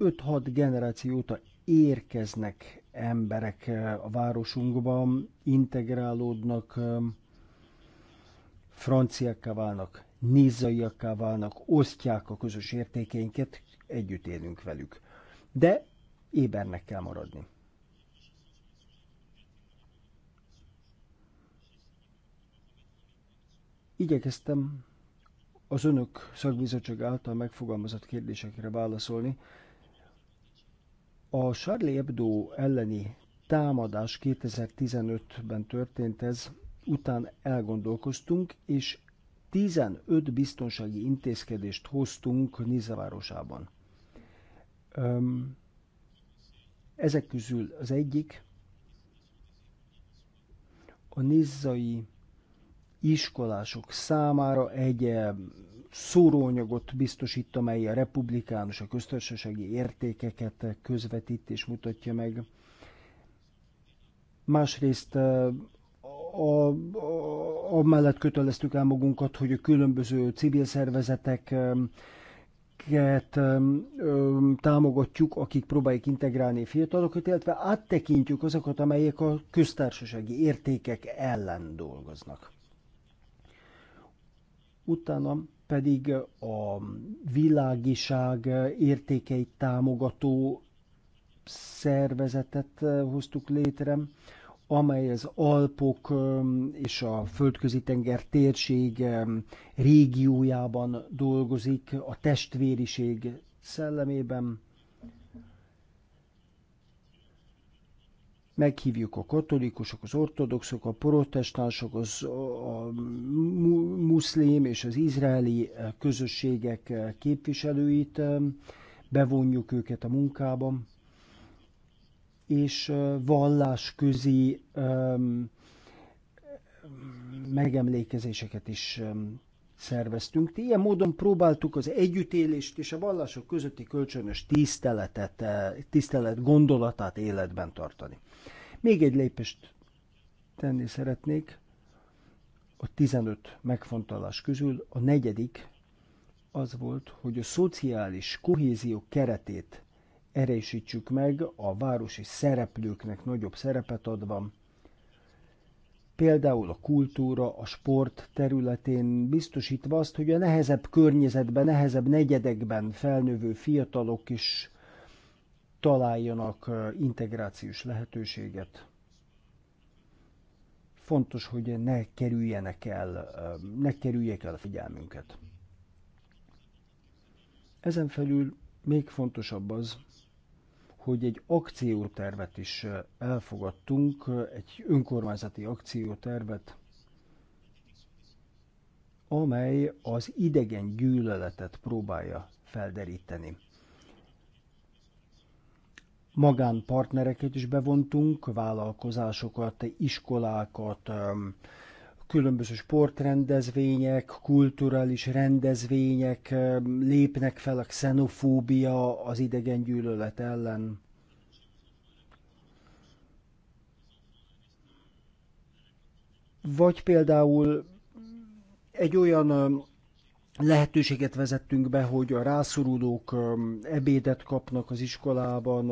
5-6 generáció óta érkeznek emberek eh, a városunkba, integrálódnak, eh, franciákká válnak, nízaiakká válnak, osztják a közös értékeinket, együtt élünk velük. De ébernek kell maradni. Igyekeztem az önök szakbizottság által megfogalmazott kérdésekre válaszolni. A Charlie Hebdo elleni támadás 2015-ben történt ez, után elgondolkoztunk, és 15 biztonsági intézkedést hoztunk Niza városában. Ezek közül az egyik a nizzai iskolások számára egy szóróanyagot biztosít, amely a republikánus, a köztársasági értékeket közvetít és mutatja meg. Másrészt a, a, mellett köteleztük el magunkat, hogy a különböző civil szervezetek támogatjuk, akik próbálják integrálni fiatalokat, illetve áttekintjük azokat, amelyek a köztársasági értékek ellen dolgoznak. Utána pedig a világiság értékeit támogató szervezetet hoztuk létre, amely az Alpok és a földközi tenger térség régiójában dolgozik, a testvériség szellemében. meghívjuk a katolikusok, az ortodoxok, a protestánsok, az, a muszlim és az izraeli közösségek képviselőit, bevonjuk őket a munkában és vallásközi megemlékezéseket is szerveztünk. Ilyen módon próbáltuk az együttélést és a vallások közötti kölcsönös tiszteletet, tisztelet gondolatát életben tartani. Még egy lépést tenni szeretnék a 15 megfontolás közül. A negyedik az volt, hogy a szociális kohézió keretét erősítsük meg a városi szereplőknek nagyobb szerepet adva, például a kultúra, a sport területén biztosítva azt, hogy a nehezebb környezetben, nehezebb negyedekben felnövő fiatalok is találjanak integrációs lehetőséget. Fontos, hogy ne kerüljenek el, ne kerüljék el a figyelmünket. Ezen felül még fontosabb az, hogy egy akciótervet is elfogadtunk, egy önkormányzati akciótervet, amely az idegen gyűlöletet próbálja felderíteni. Magánpartnereket is bevontunk, vállalkozásokat, iskolákat, különböző sportrendezvények, kulturális rendezvények lépnek fel a xenofóbia, az idegen gyűlölet ellen. Vagy például egy olyan lehetőséget vezettünk be, hogy a rászorulók ebédet kapnak az iskolában,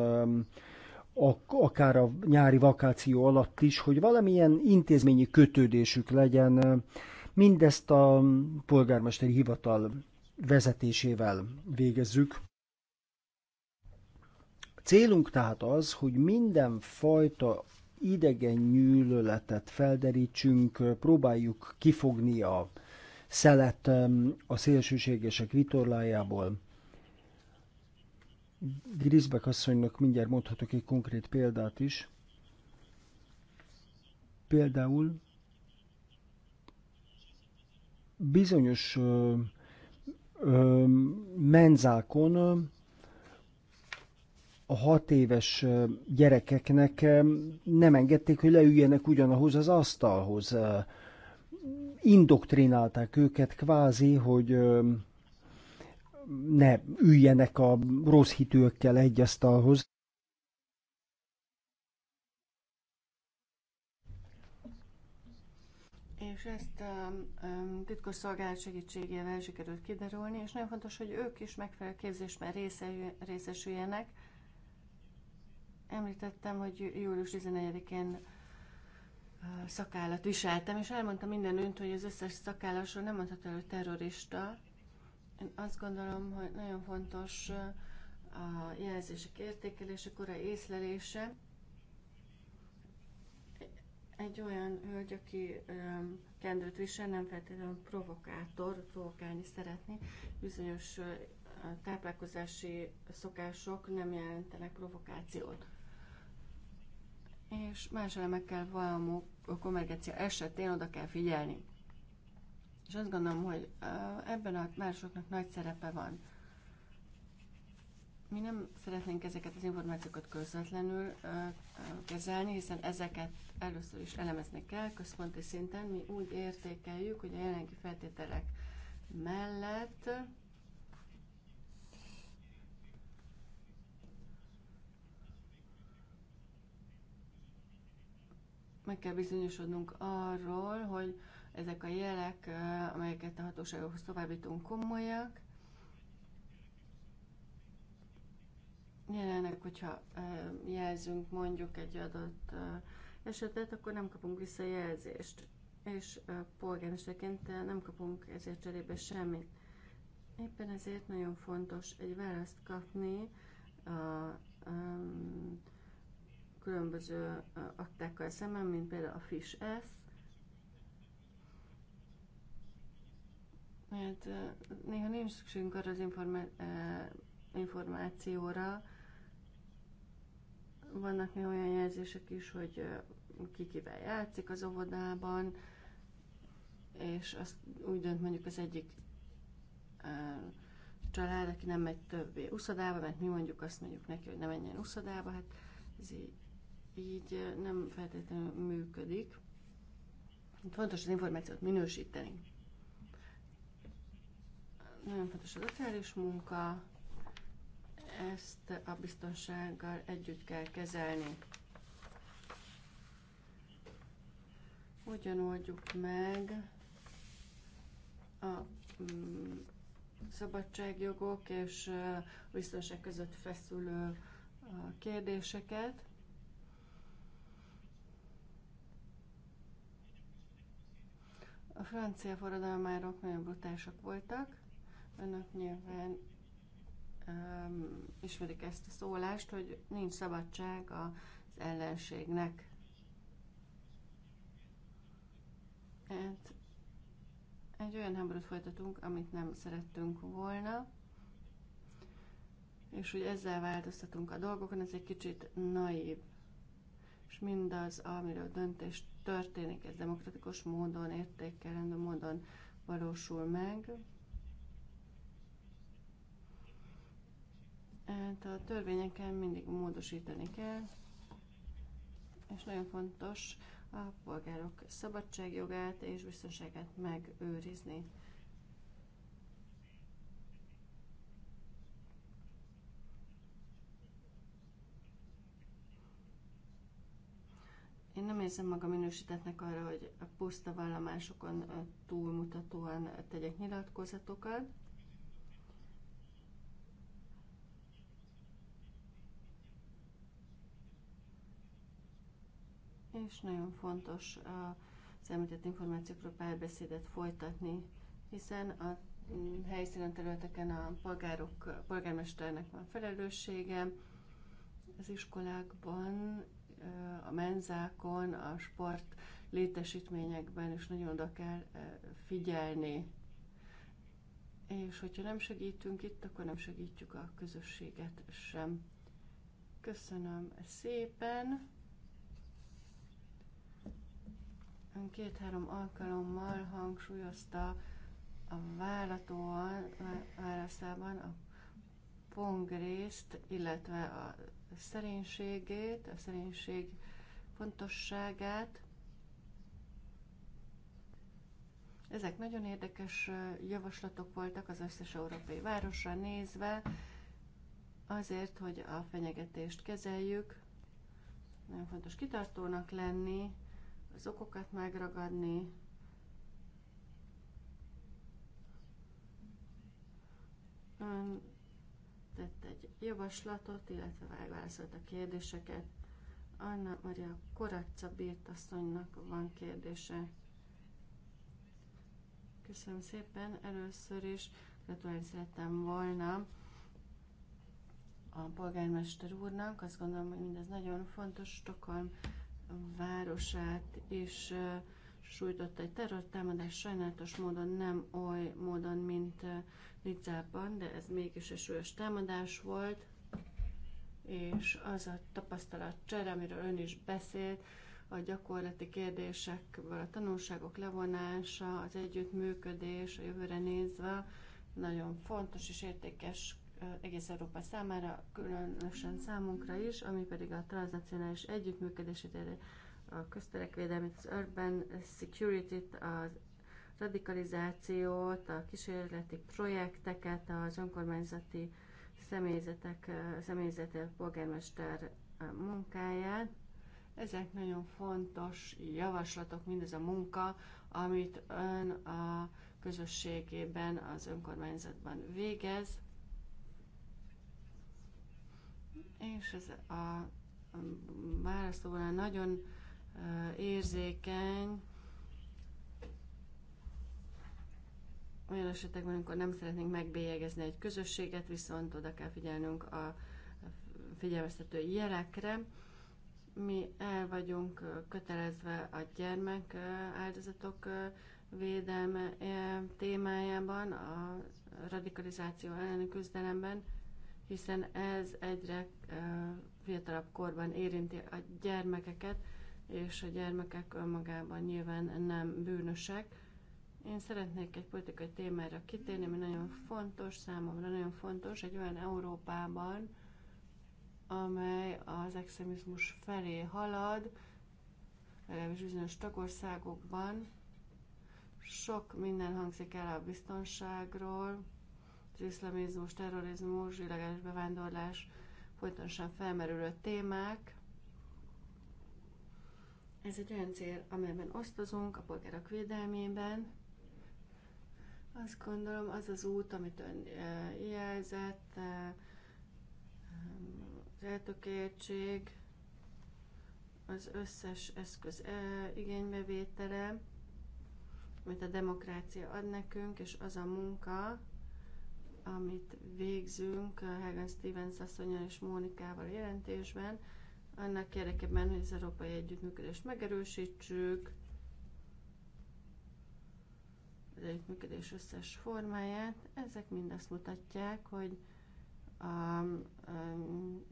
akár a nyári vakáció alatt is, hogy valamilyen intézményi kötődésük legyen, mindezt a polgármesteri hivatal vezetésével végezzük. Célunk tehát az, hogy minden fajta idegen nyűlöletet felderítsünk, próbáljuk kifogni a szelet a szélsőségesek vitorlájából, Griszbek asszonynak mindjárt mondhatok egy konkrét példát is. Például bizonyos ö, ö, menzákon a hat éves gyerekeknek nem engedték, hogy leüljenek ugyanahoz az asztalhoz. Indoktrinálták őket kvázi, hogy ne üljenek a rossz hitőkkel egy asztalhoz. És ezt a um, um, titkos szolgálat segítségével sikerült kiderülni, és nagyon fontos, hogy ők is megfelelő képzésben részesüljenek. Említettem, hogy július 14-én uh, szakállat viseltem, és elmondtam mindenütt, hogy az összes szakállasról nem mondható, hogy terrorista, én azt gondolom, hogy nagyon fontos a jelzések értékelése, korai észlelése. Egy olyan hölgy, aki kendőt visel, nem feltétlenül provokátor, provokálni szeretni. Bizonyos táplálkozási szokások nem jelentenek provokációt. És más elemekkel valamú konvergencia esetén oda kell figyelni. És azt gondolom, hogy ebben a másoknak nagy szerepe van. Mi nem szeretnénk ezeket az információkat közvetlenül kezelni, hiszen ezeket először is elemezni kell központi szinten. Mi úgy értékeljük, hogy a jelenlegi feltételek mellett meg kell bizonyosodnunk arról, hogy ezek a jelek, amelyeket a hatóságokhoz továbbítunk, komolyak. Jelenleg, hogyha jelzünk mondjuk egy adott esetet, akkor nem kapunk visszajelzést, és polgármesterként nem kapunk ezért cserébe semmit. Éppen ezért nagyon fontos egy választ kapni a, a, a különböző aktákkal szemben, mint például a FISH-F, mert néha nincs szükségünk arra az informá- információra. Vannak néha olyan jelzések is, hogy ki kivel játszik az óvodában, és azt úgy dönt mondjuk az egyik család, aki nem megy többé uszodába, mert mi mondjuk azt mondjuk neki, hogy ne menjen uszodába, hát ez így, így nem feltétlenül működik. fontos az információt minősíteni. Nagyon fontos a szociális munka, ezt a biztonsággal együtt kell kezelni. Hogyan oldjuk meg a mm, szabadságjogok és a biztonság között feszülő kérdéseket. A francia forradalmárok nagyon brutálisak voltak. Önök nyilván um, ismerik ezt a szólást, hogy nincs szabadság az ellenségnek. Hát egy olyan háborút folytatunk, amit nem szerettünk volna, és hogy ezzel változtatunk a dolgokon, ez egy kicsit naív. És mindaz, amiről döntés történik, ez demokratikus módon, értékelendő módon valósul meg. Hát a törvényeken mindig módosítani kell, és nagyon fontos a polgárok szabadságjogát és biztonságát megőrizni. Én nem érzem magam minősítetnek arra, hogy a puszta vallomásokon túlmutatóan tegyek nyilatkozatokat. és nagyon fontos az említett információkról párbeszédet folytatni, hiszen a mm, helyszínen területeken a polgárok, polgármesternek van felelőssége, az iskolákban, a menzákon, a sport létesítményekben is nagyon oda kell figyelni. És hogyha nem segítünk itt, akkor nem segítjük a közösséget sem. Köszönöm szépen! két-három alkalommal hangsúlyozta a vállatóan, válaszában a pongrészt, illetve a szerénységét, a szerénység fontosságát. Ezek nagyon érdekes javaslatok voltak az összes európai városra nézve, azért, hogy a fenyegetést kezeljük. Nagyon fontos kitartónak lenni, az okokat megragadni, ön tett egy javaslatot, illetve válaszolt a kérdéseket. Anna Maria koracsa Birtasszonynak van kérdése. Köszönöm szépen. Először is gratulálni szerettem volna a polgármester úrnak. Azt gondolom, hogy mindez nagyon fontos. Stockholm városát és sújtotta egy terrortámadás, sajnálatos módon nem oly módon, mint Nizzában, de ez mégis egy súlyos támadás volt, és az a tapasztalat csere, amiről ön is beszélt, a gyakorlati kérdések, a tanulságok levonása, az együttműködés a jövőre nézve nagyon fontos és értékes egész Európa számára, különösen számunkra is, ami pedig a transnacionális együttműködését, a közterekvédelmet, az urban security-t, a radikalizációt, a kísérleti projekteket, az önkormányzati személyzetek, személyzete, polgármester munkáját. Ezek nagyon fontos javaslatok, mindez a munka, amit ön a közösségében, az önkormányzatban végez és ez a választóvonal nagyon érzékeny, olyan esetekben, amikor nem szeretnénk megbélyegezni egy közösséget, viszont oda kell figyelnünk a figyelmeztető jelekre. Mi el vagyunk kötelezve a gyermek áldozatok védelme témájában, a radikalizáció elleni küzdelemben, hiszen ez egyre fiatalabb korban érinti a gyermekeket, és a gyermekek önmagában nyilván nem bűnösek. Én szeretnék egy politikai témára kitérni, ami nagyon fontos számomra, nagyon fontos egy olyan Európában, amely az extremizmus felé halad, legalábbis bizonyos tagországokban. Sok minden hangzik el a biztonságról, az iszlamizmus, terrorizmus, illegális bevándorlás folytonosan felmerülő témák. Ez egy olyan cél, amelyben osztozunk a polgárok védelmében. Azt gondolom, az az út, amit ön jelzett, az eltökéltség, az összes eszköz igénybevétele, amit a demokrácia ad nekünk, és az a munka, amit végzünk Hagen Stevens asszonyal és Mónikával jelentésben, annak érdekében, hogy az európai együttműködést megerősítsük, az együttműködés összes formáját, ezek mind azt mutatják, hogy a,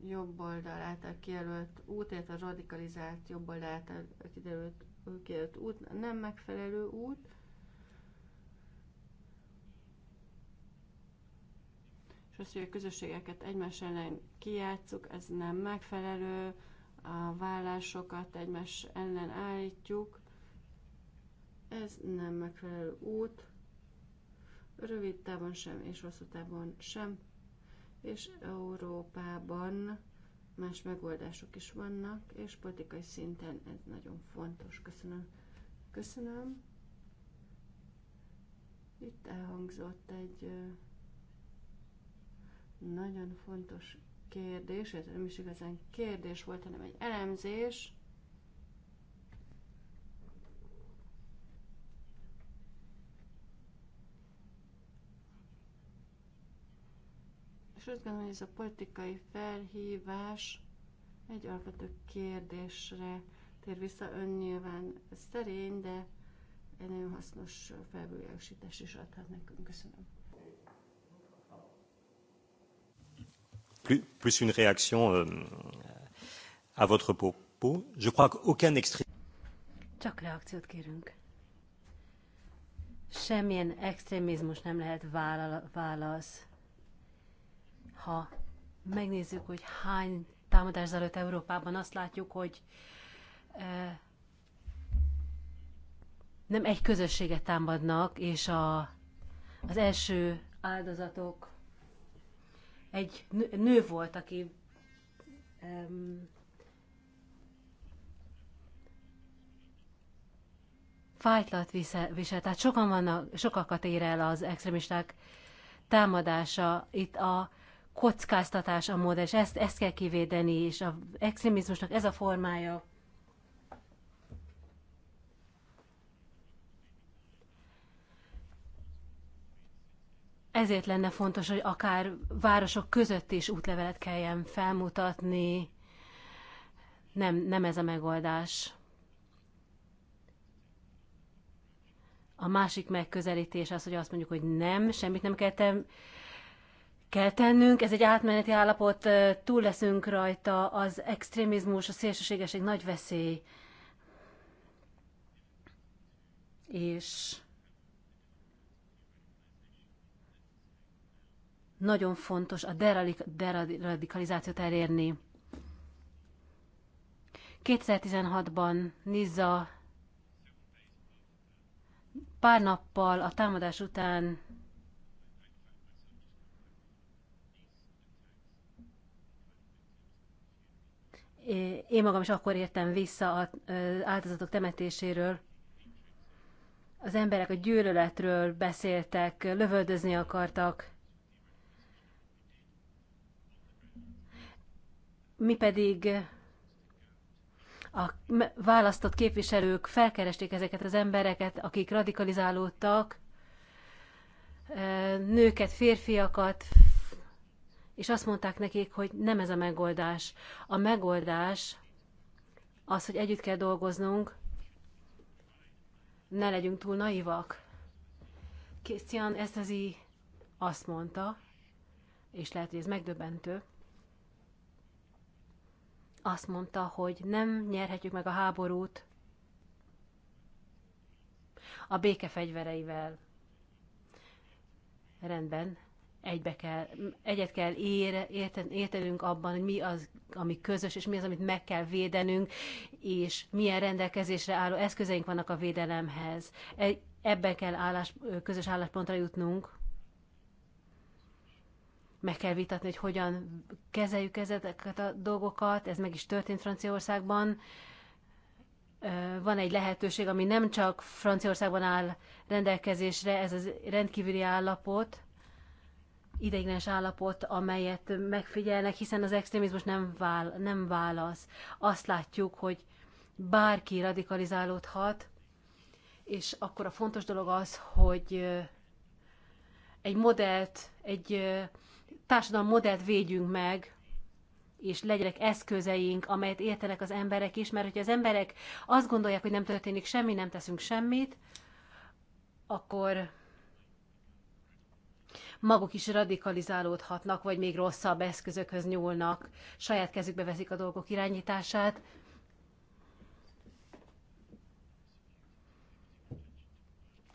jobb oldal által kijelölt út, illetve a radikalizált jobb oldal által kijelölt út nem megfelelő út, és hogy a közösségeket egymás ellen kijátszuk, ez nem megfelelő, a vállásokat egymás ellen állítjuk, ez nem megfelelő út, rövid távon sem, és hosszú távon sem, és Európában más megoldások is vannak, és politikai szinten ez nagyon fontos. Köszönöm. Köszönöm. Itt elhangzott egy nagyon fontos kérdés, ez nem is igazán kérdés volt, hanem egy elemzés. És azt gondolom, hogy ez a politikai felhívás egy alapvető kérdésre tér vissza. Ön nyilván szerény, de egy nagyon hasznos felbújásítást is adhat nekünk. Köszönöm. plus, plus une réaction euh, à votre propos. Je crois qu'aucun extrême. Csak reakciót kérünk. Semmilyen extrémizmus nem lehet vála válasz. Ha megnézzük, hogy hány támadás zajlott Európában, azt látjuk, hogy e, nem egy közösséget támadnak, és a, az első áldozatok egy nő volt, aki um, fájtlat visel, tehát sokan vannak, sokakat ér el az extremisták támadása, itt a kockáztatás a mód, és ezt, ezt kell kivédeni, és az extrémizmusnak ez a formája Ezért lenne fontos, hogy akár városok között is útlevelet kelljen felmutatni. Nem, nem ez a megoldás. A másik megközelítés az, hogy azt mondjuk, hogy nem, semmit nem kell, ten, kell tennünk, ez egy átmeneti állapot, túl leszünk rajta, az extrémizmus, a szélsőségeség nagy veszély. És nagyon fontos a deradikalizációt elérni. 2016-ban Nizza pár nappal a támadás után én magam is akkor értem vissza az áldozatok temetéséről. Az emberek a gyűlöletről beszéltek, lövöldözni akartak. mi pedig a választott képviselők felkeresték ezeket az embereket, akik radikalizálódtak, nőket, férfiakat, és azt mondták nekik, hogy nem ez a megoldás. A megoldás az, hogy együtt kell dolgoznunk, ne legyünk túl naivak. Christian Esztezi azt mondta, és lehet, hogy ez megdöbbentő, azt mondta, hogy nem nyerhetjük meg a háborút a béke fegyvereivel. Rendben, egybe kell, egyet kell ér, érten, értenünk abban, hogy mi az, ami közös, és mi az, amit meg kell védenünk, és milyen rendelkezésre álló eszközeink vannak a védelemhez. Ebben kell állás, közös álláspontra jutnunk meg kell vitatni, hogy hogyan kezeljük ezeket a dolgokat, ez meg is történt Franciaországban. Van egy lehetőség, ami nem csak Franciaországban áll rendelkezésre, ez az rendkívüli állapot, ideiglenes állapot, amelyet megfigyelnek, hiszen az extrémizmus nem, vál, nem válasz. Azt látjuk, hogy bárki radikalizálódhat, és akkor a fontos dolog az, hogy egy modellt, egy társadalmi modellt védjünk meg, és legyenek eszközeink, amelyet értenek az emberek is, mert hogyha az emberek azt gondolják, hogy nem történik semmi, nem teszünk semmit, akkor maguk is radikalizálódhatnak, vagy még rosszabb eszközökhöz nyúlnak, saját kezükbe veszik a dolgok irányítását.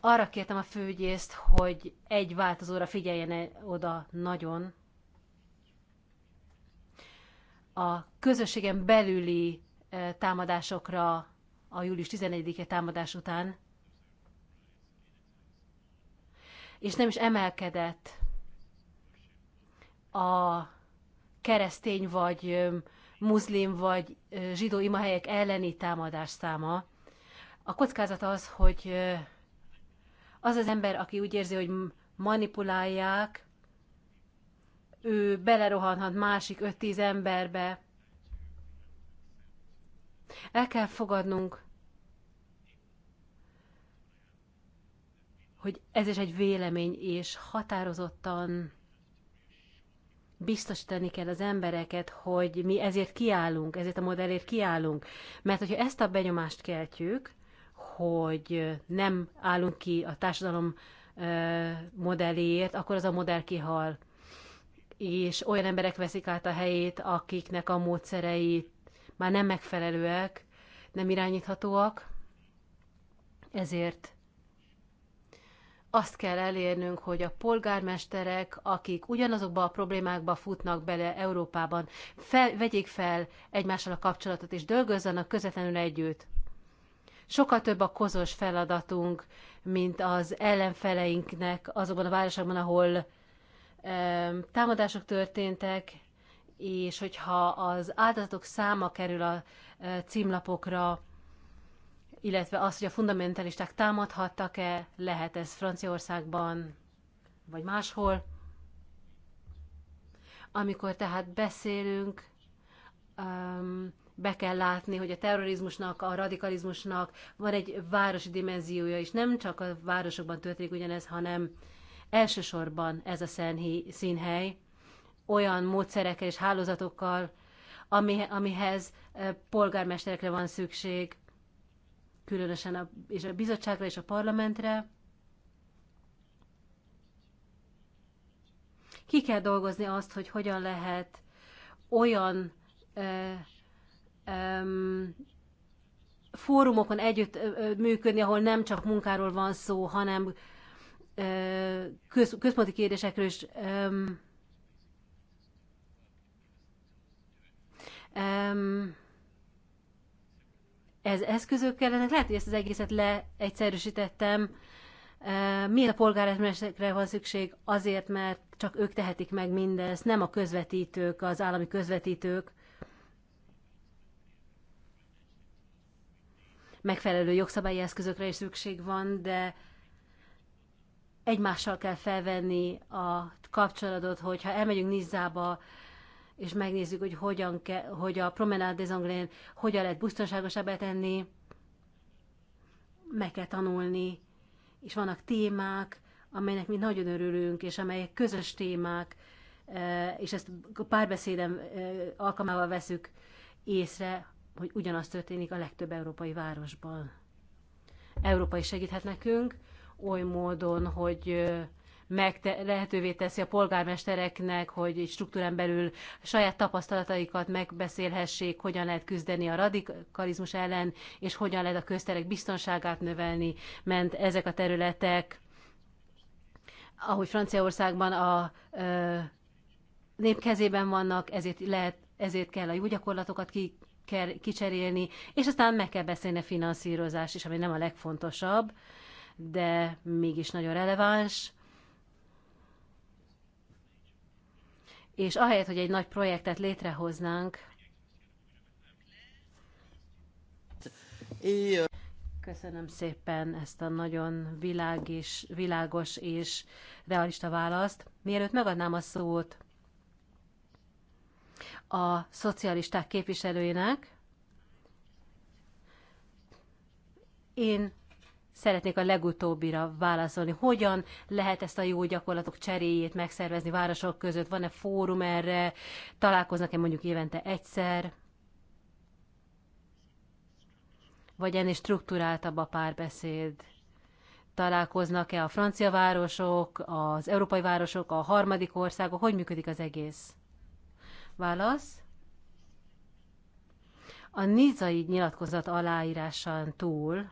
Arra kértem a főügyészt, hogy egy változóra figyeljen oda nagyon, a közösségen belüli e, támadásokra a július 11-e támadás után, és nem is emelkedett a keresztény vagy muszlim vagy zsidó imahelyek elleni támadás száma. A kockázat az, hogy az az ember, aki úgy érzi, hogy manipulálják, ő belerohanhat másik öt tíz emberbe. El kell fogadnunk, hogy ez is egy vélemény, és határozottan biztosítani kell az embereket, hogy mi ezért kiállunk, ezért a modellért kiállunk. Mert hogyha ezt a benyomást keltjük, hogy nem állunk ki a társadalom modelléért, akkor az a modell kihal és olyan emberek veszik át a helyét, akiknek a módszerei már nem megfelelőek, nem irányíthatóak. Ezért azt kell elérnünk, hogy a polgármesterek, akik ugyanazokba a problémákba futnak bele Európában, fel, vegyék fel egymással a kapcsolatot, és dolgozzanak közvetlenül együtt. Sokkal több a kozos feladatunk, mint az ellenfeleinknek azokban a városokban, ahol támadások történtek, és hogyha az áldozatok száma kerül a e, címlapokra, illetve az, hogy a fundamentalisták támadhattak-e, lehet ez Franciaországban, vagy máshol. Amikor tehát beszélünk, be kell látni, hogy a terrorizmusnak, a radikalizmusnak van egy városi dimenziója, és nem csak a városokban történik ugyanez, hanem Elsősorban ez a szenhi, színhely olyan módszerekkel és hálózatokkal, ami, amihez polgármesterekre van szükség, különösen a, és a bizottságra és a parlamentre. Ki kell dolgozni azt, hogy hogyan lehet olyan ö, ö, fórumokon együtt működni, ahol nem csak munkáról van szó, hanem köz, központi kérdésekről is um, um, ez eszközök kellenek. Lehet, hogy ezt az egészet leegyszerűsítettem. Mi a polgármesterekre van szükség? Azért, mert csak ők tehetik meg mindezt, nem a közvetítők, az állami közvetítők. Megfelelő jogszabályi eszközökre is szükség van, de egymással kell felvenni a kapcsolatot, hogyha elmegyünk Nizzába, és megnézzük, hogy hogyan ke, hogy a Promenade des Anglais hogyan lehet biztonságosabb betenni, meg kell tanulni, és vannak témák, amelynek mi nagyon örülünk, és amelyek közös témák, e, és ezt a párbeszédem e, alkalmával veszük észre, hogy ugyanaz történik a legtöbb európai városban. Európai segíthet nekünk, oly módon, hogy te, lehetővé teszi a polgármestereknek, hogy egy struktúrán belül saját tapasztalataikat megbeszélhessék, hogyan lehet küzdeni a radikalizmus ellen, és hogyan lehet a közterek biztonságát növelni, mert ezek a területek, ahogy Franciaországban a ö, nép kezében vannak, ezért, lehet, ezért kell a jó gyakorlatokat ki, kell kicserélni, és aztán meg kell beszélni a finanszírozás is, ami nem a legfontosabb, de mégis nagyon releváns. És ahelyett, hogy egy nagy projektet létrehoznánk, Köszönöm szépen ezt a nagyon világ és, világos és realista választ. Mielőtt megadnám a szót a szocialisták képviselőjének, én Szeretnék a legutóbbira válaszolni. Hogyan lehet ezt a jó gyakorlatok cseréjét megszervezni városok között? Van-e fórum erre? Találkoznak-e mondjuk évente egyszer? Vagy ennél struktúráltabb a párbeszéd? Találkoznak-e a francia városok, az európai városok, a harmadik országok? Hogy működik az egész? Válasz? A nizai nyilatkozat aláírásán túl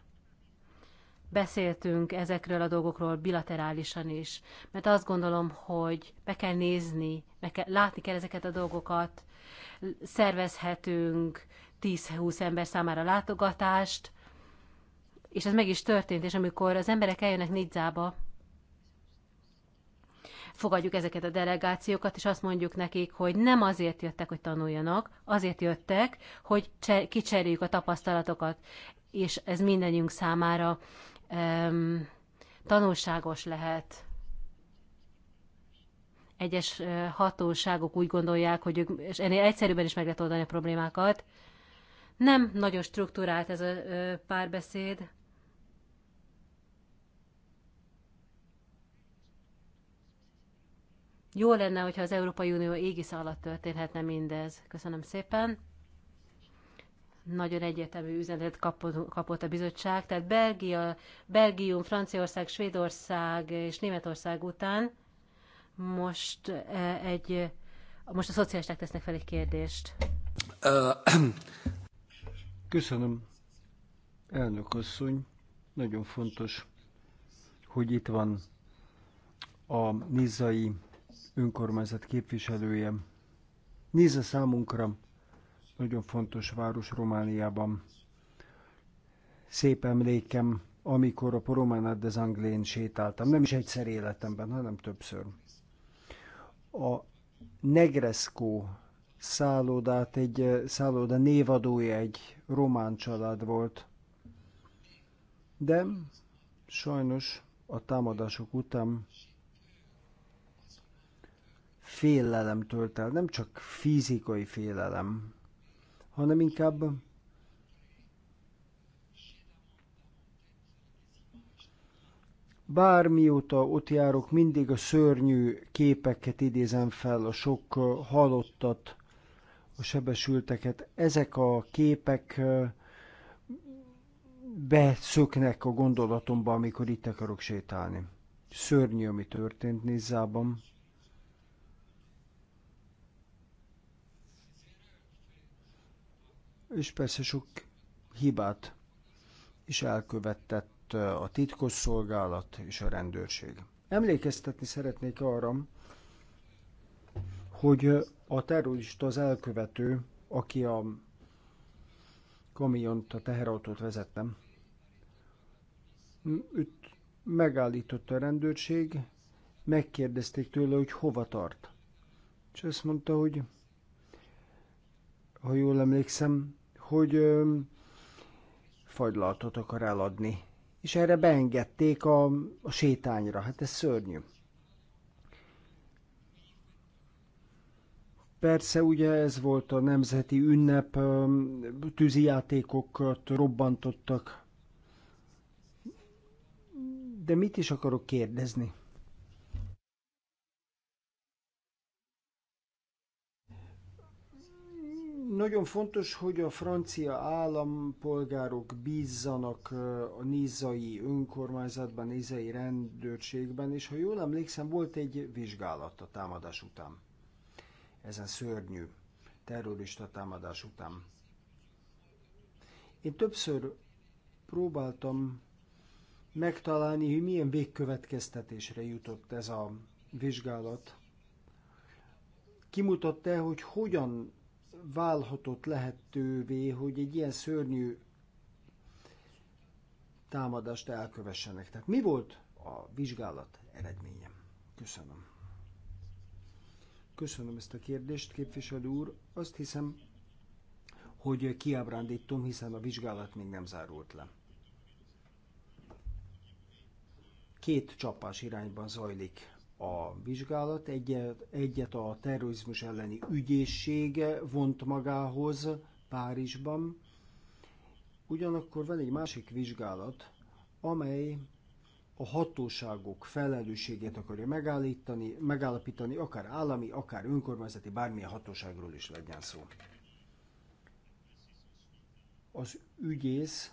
beszéltünk ezekről a dolgokról bilaterálisan is, mert azt gondolom, hogy be kell nézni, meg kell, látni kell ezeket a dolgokat, szervezhetünk 10-20 ember számára látogatást, és ez meg is történt, és amikor az emberek eljönnek Nidzába, fogadjuk ezeket a delegációkat, és azt mondjuk nekik, hogy nem azért jöttek, hogy tanuljanak, azért jöttek, hogy kicseréljük a tapasztalatokat, és ez mindenünk számára tanulságos lehet. Egyes hatóságok úgy gondolják, hogy ők, és ennél egyszerűbben is meg lehet oldani a problémákat. Nem nagyon struktúrált ez a párbeszéd. Jó lenne, hogyha az Európai Unió égisze alatt történhetne mindez. Köszönöm szépen nagyon egyetemű üzenetet kapott, kapott a bizottság, tehát Belgia, Belgium, Franciaország, Svédország és Németország után most e, egy, most a szociálisták tesznek fel egy kérdést. [CLEARS THROAT] Köszönöm, elnök asszony. Nagyon fontos, hogy itt van a nizai önkormányzat képviselője. Niza számunkra nagyon fontos város Romániában. Szép emlékem, amikor a Promenade des Anglén sétáltam, nem is egyszer életemben, hanem többször. A Negresco szállodát, egy eh, szálloda névadója egy román család volt. De sajnos a támadások után félelem tölt el, nem csak fizikai félelem, hanem inkább bármióta ott járok, mindig a szörnyű képeket idézem fel, a sok halottat, a sebesülteket. Ezek a képek beszöknek a gondolatomba, amikor itt akarok sétálni. Szörnyű, ami történt Nizzában. és persze sok hibát is elkövetett a titkosszolgálat és a rendőrség. Emlékeztetni szeretnék arra, hogy a terrorista az elkövető, aki a kamiont, a teherautót vezettem, hm, őt megállította a rendőrség, megkérdezték tőle, hogy hova tart. És azt mondta, hogy ha jól emlékszem, hogy fagylaltot akar eladni. És erre beengedték a, a sétányra. Hát ez szörnyű. Persze ugye ez volt a nemzeti ünnep, tűzijátékokat robbantottak. De mit is akarok kérdezni? Nagyon fontos, hogy a francia állampolgárok bízzanak a nizai önkormányzatban, nizai rendőrségben, és ha jól emlékszem, volt egy vizsgálat a támadás után. Ezen szörnyű terrorista támadás után. Én többször próbáltam megtalálni, hogy milyen végkövetkeztetésre jutott ez a vizsgálat. Kimutatta, hogy hogyan válhatott lehetővé, hogy egy ilyen szörnyű támadást elkövessenek. Tehát mi volt a vizsgálat eredménye? Köszönöm. Köszönöm ezt a kérdést, képviselő úr. Azt hiszem, hogy kiábrándítom, hiszen a vizsgálat még nem zárult le. Két csapás irányban zajlik a vizsgálat, egyet, egyet a terrorizmus elleni ügyészsége vont magához Párizsban. Ugyanakkor van egy másik vizsgálat, amely a hatóságok felelősségét akarja megállítani, megállapítani, akár állami, akár önkormányzati, bármilyen hatóságról is legyen szó. Az ügyész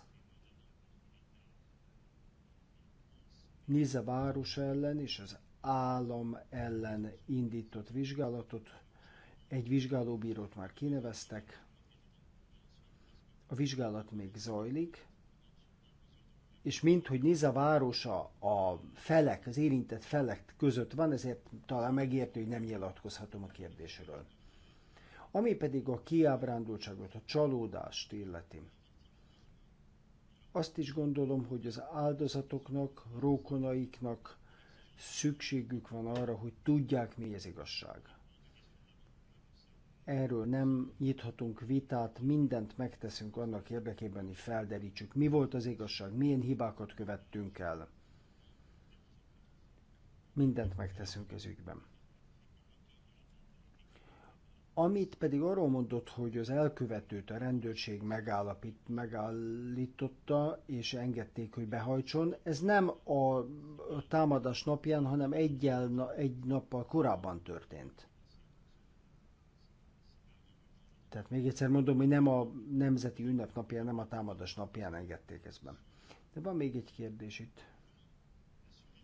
Niza város ellen és az állam ellen indított vizsgálatot. Egy vizsgálóbírót már kineveztek, a vizsgálat még zajlik, és mint hogy Niza városa a felek, az érintett felek között van, ezért talán megértő, hogy nem nyilatkozhatom a kérdésről. Ami pedig a kiábrándultságot, a csalódást illeti. Azt is gondolom, hogy az áldozatoknak, rókonaiknak szükségük van arra, hogy tudják, mi az igazság. Erről nem nyithatunk vitát, mindent megteszünk annak érdekében, hogy felderítsük, mi volt az igazság, milyen hibákat követtünk el. Mindent megteszünk ez ügyben. Amit pedig arról mondott, hogy az elkövetőt a rendőrség megállapít, megállította és engedték, hogy behajtson, ez nem a támadás napján, hanem egyel, egy nappal korábban történt. Tehát még egyszer mondom, hogy nem a nemzeti ünnep napján, nem a támadás napján engedték ezt be. De van még egy kérdés itt,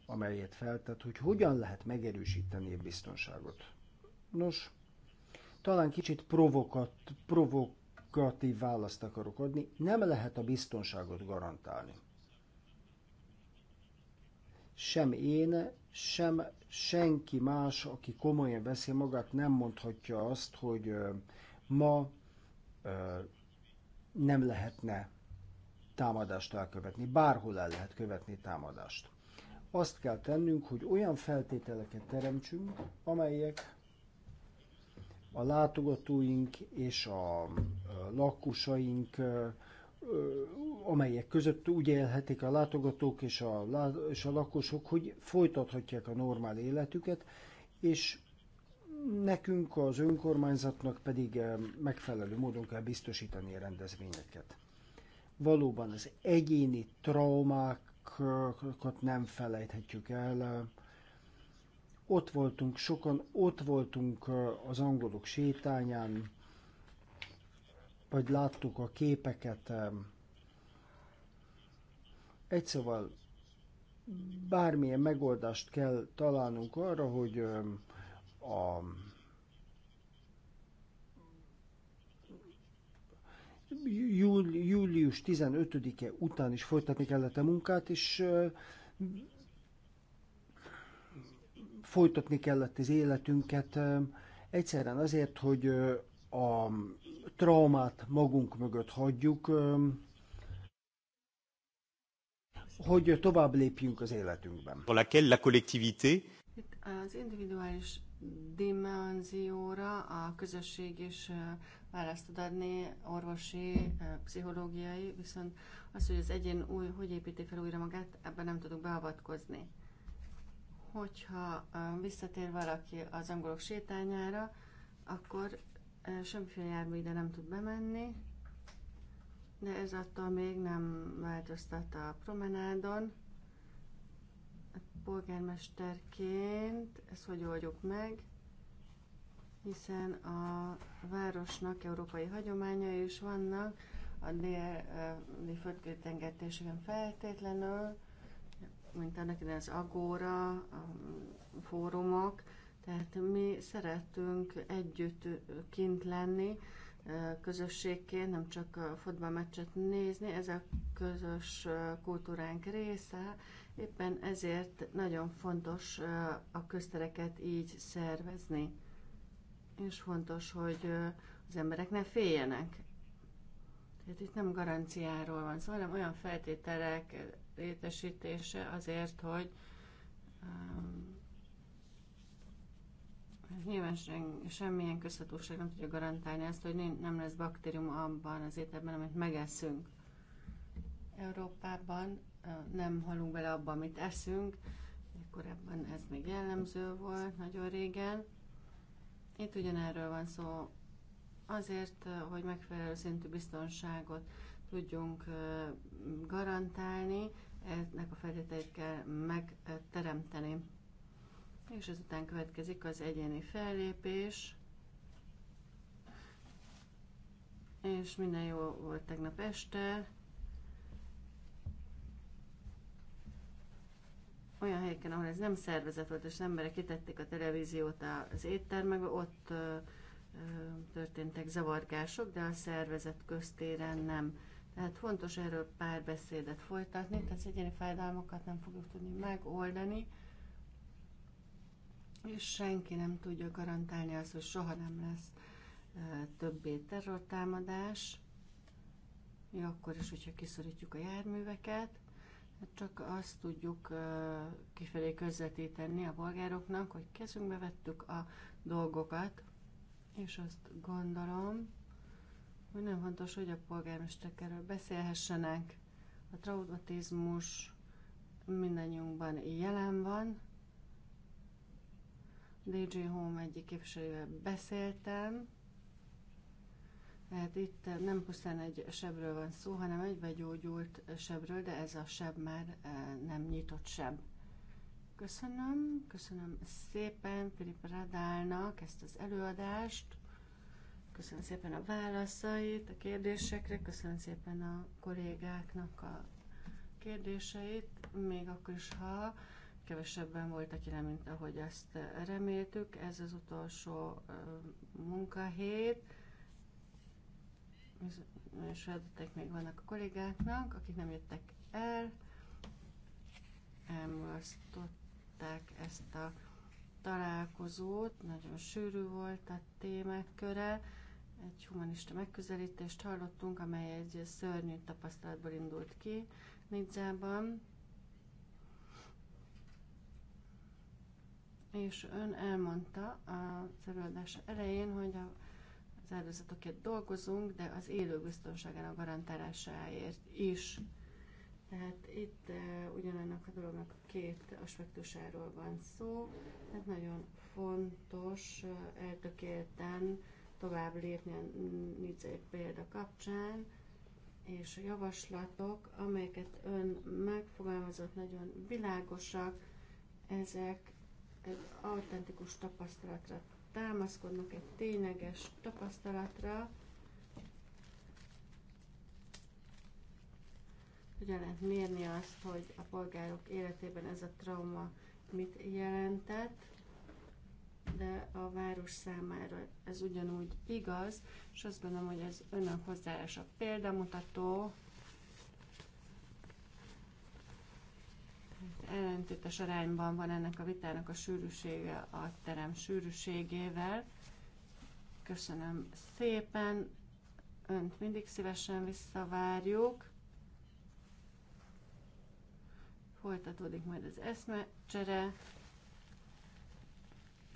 amelyet feltett, hogy hogyan lehet megerősíteni a biztonságot. Nos, talán kicsit provokat, provokatív választ akarok adni, nem lehet a biztonságot garantálni. Sem én, sem senki más, aki komolyan veszi magát, nem mondhatja azt, hogy ma nem lehetne támadást elkövetni. Bárhol el lehet követni támadást. Azt kell tennünk, hogy olyan feltételeket teremtsünk, amelyek a látogatóink és a lakosaink, amelyek között úgy élhetik a látogatók és a, és a lakosok, hogy folytathatják a normál életüket, és nekünk, az önkormányzatnak pedig megfelelő módon kell biztosítani a rendezvényeket. Valóban az egyéni traumákat nem felejthetjük el, ott voltunk sokan, ott voltunk az angolok sétányán, vagy láttuk a képeket. Egy szóval bármilyen megoldást kell találnunk arra, hogy a július 15-e után is folytatni kellett a munkát, és folytatni kellett az életünket, egyszerűen azért, hogy a traumát magunk mögött hagyjuk, hogy tovább lépjünk az életünkben. la collectivité. Itt az individuális dimenzióra a közösség is választ tud adni, orvosi, pszichológiai, viszont az, hogy az egyén új, hogy építi fel újra magát, ebben nem tudunk beavatkozni hogyha visszatér valaki az angolok sétányára, akkor semmiféle jármű ide nem tud bemenni, de ez attól még nem változtat a promenádon. A polgármesterként ezt hogy oldjuk meg, hiszen a városnak európai hagyományai is vannak, a déli földkőtenger térségen feltétlenül, mint annak ide az Agora fórumok, tehát mi szeretünk együtt kint lenni, közösségként, nem csak a futballmeccset nézni, ez a közös kultúránk része, éppen ezért nagyon fontos a köztereket így szervezni. És fontos, hogy az emberek ne féljenek. Tehát itt nem garanciáról van szó, hanem olyan feltételek létesítése azért, hogy um, nyilván semmilyen közhatóság nem tudja garantálni ezt, hogy nem lesz baktérium abban az ételben, amit megeszünk. Európában nem halunk bele abba, amit eszünk, korábban ez még jellemző volt nagyon régen. Itt ugyanerről van szó, azért, hogy megfelelő szintű biztonságot tudjunk garantálni, ennek a feltételeit kell megteremteni. És ezután következik az egyéni fellépés. És minden jó volt tegnap este. Olyan helyeken, ahol ez nem szervezet volt, és emberek kitették a televíziót az éttermekbe, ott történtek zavargások, de a szervezet köztéren nem tehát fontos erről pár beszédet folytatni, tehát egyéni fájdalmakat nem fogjuk tudni megoldani, és senki nem tudja garantálni azt, hogy soha nem lesz többé terrortámadás, mi akkor is, hogyha kiszorítjuk a járműveket, hát csak azt tudjuk kifelé közvetíteni a polgároknak, hogy kezünkbe vettük a dolgokat, és azt gondolom, nagyon fontos, hogy a polgármesterek erről beszélhessenek. A traumatizmus mindannyiunkban jelen van. DJ Home egyik képviselővel beszéltem. Tehát itt nem pusztán egy sebről van szó, hanem egy begyógyult sebről, de ez a seb már eh, nem nyitott seb. Köszönöm, köszönöm szépen Filip Radálnak ezt az előadást. Köszönöm szépen a válaszait, a kérdésekre, köszönöm szépen a kollégáknak a kérdéseit, még akkor is, ha kevesebben voltak jelen, mint ahogy ezt reméltük. Ez az utolsó munkahét, és feladatok még vannak a kollégáknak, akik nem jöttek el, elmulasztották ezt a találkozót, nagyon sűrű volt a témák köre, egy humanista megközelítést hallottunk, amely egy szörnyű tapasztalatból indult ki Nidzában. És ön elmondta az előadás elején, hogy a az áldozatokért dolgozunk, de az élő biztonságának garantálásáért is. Tehát itt uh, ugyanannak a dolognak a két aspektusáról van szó, tehát nagyon fontos uh, eltökélten tovább lépni a Nicé példa kapcsán, és a javaslatok, amelyeket ön megfogalmazott, nagyon világosak, ezek egy autentikus tapasztalatra támaszkodnak, egy tényleges tapasztalatra, hogyan lehet mérni azt, hogy a polgárok életében ez a trauma mit jelentett, de a város számára ez ugyanúgy igaz, és azt gondolom, hogy ez önök hozzáállása példamutató, ellentétes arányban van ennek a vitának a sűrűsége a terem sűrűségével. Köszönöm szépen, önt mindig szívesen visszavárjuk. Folytatódik majd az eszmecsere.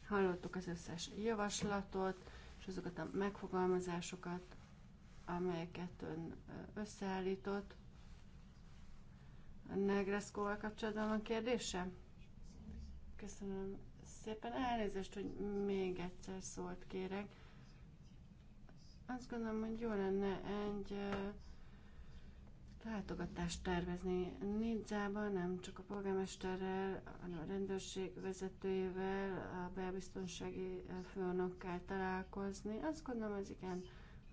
Hallottuk az összes javaslatot, és azokat a megfogalmazásokat, amelyeket ön összeállított. A Negreszkóval kapcsolatban van kérdése? Köszönöm szépen. Elnézést, hogy még egyszer szólt kérek. Azt gondolom, hogy jó lenne egy látogatást tervezni Nidzában, nem csak a polgármesterrel, hanem a rendőrség vezetőjével, a belbiztonsági főnökkel találkozni. Azt gondolom, ez igen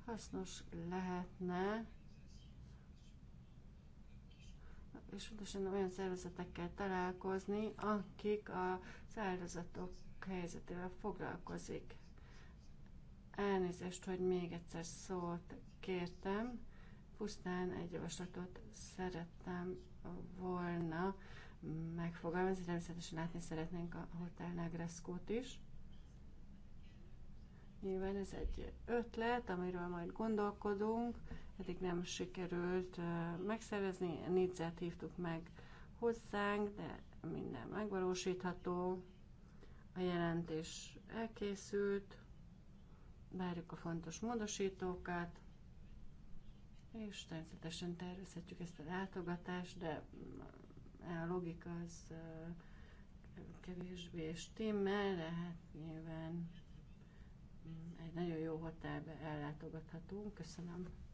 hasznos lehetne, és pontosan olyan szervezetekkel találkozni, akik a áldozatok helyzetével foglalkozik. Elnézést, hogy még egyszer szót kértem Pusztán egy javaslatot szerettem volna megfogalmazni, természetesen látni szeretnénk a Hotel Negreszkót is. Nyilván ez egy ötlet, amiről majd gondolkodunk, eddig nem sikerült megszervezni, négyzet hívtuk meg hozzánk, de minden megvalósítható, a jelentés elkészült, várjuk a fontos módosítókat, és természetesen tervezhetjük ezt a látogatást, de a logika az kevésbé stimmel, de hát nyilván mm, egy nagyon jó hotelbe ellátogathatunk. Köszönöm.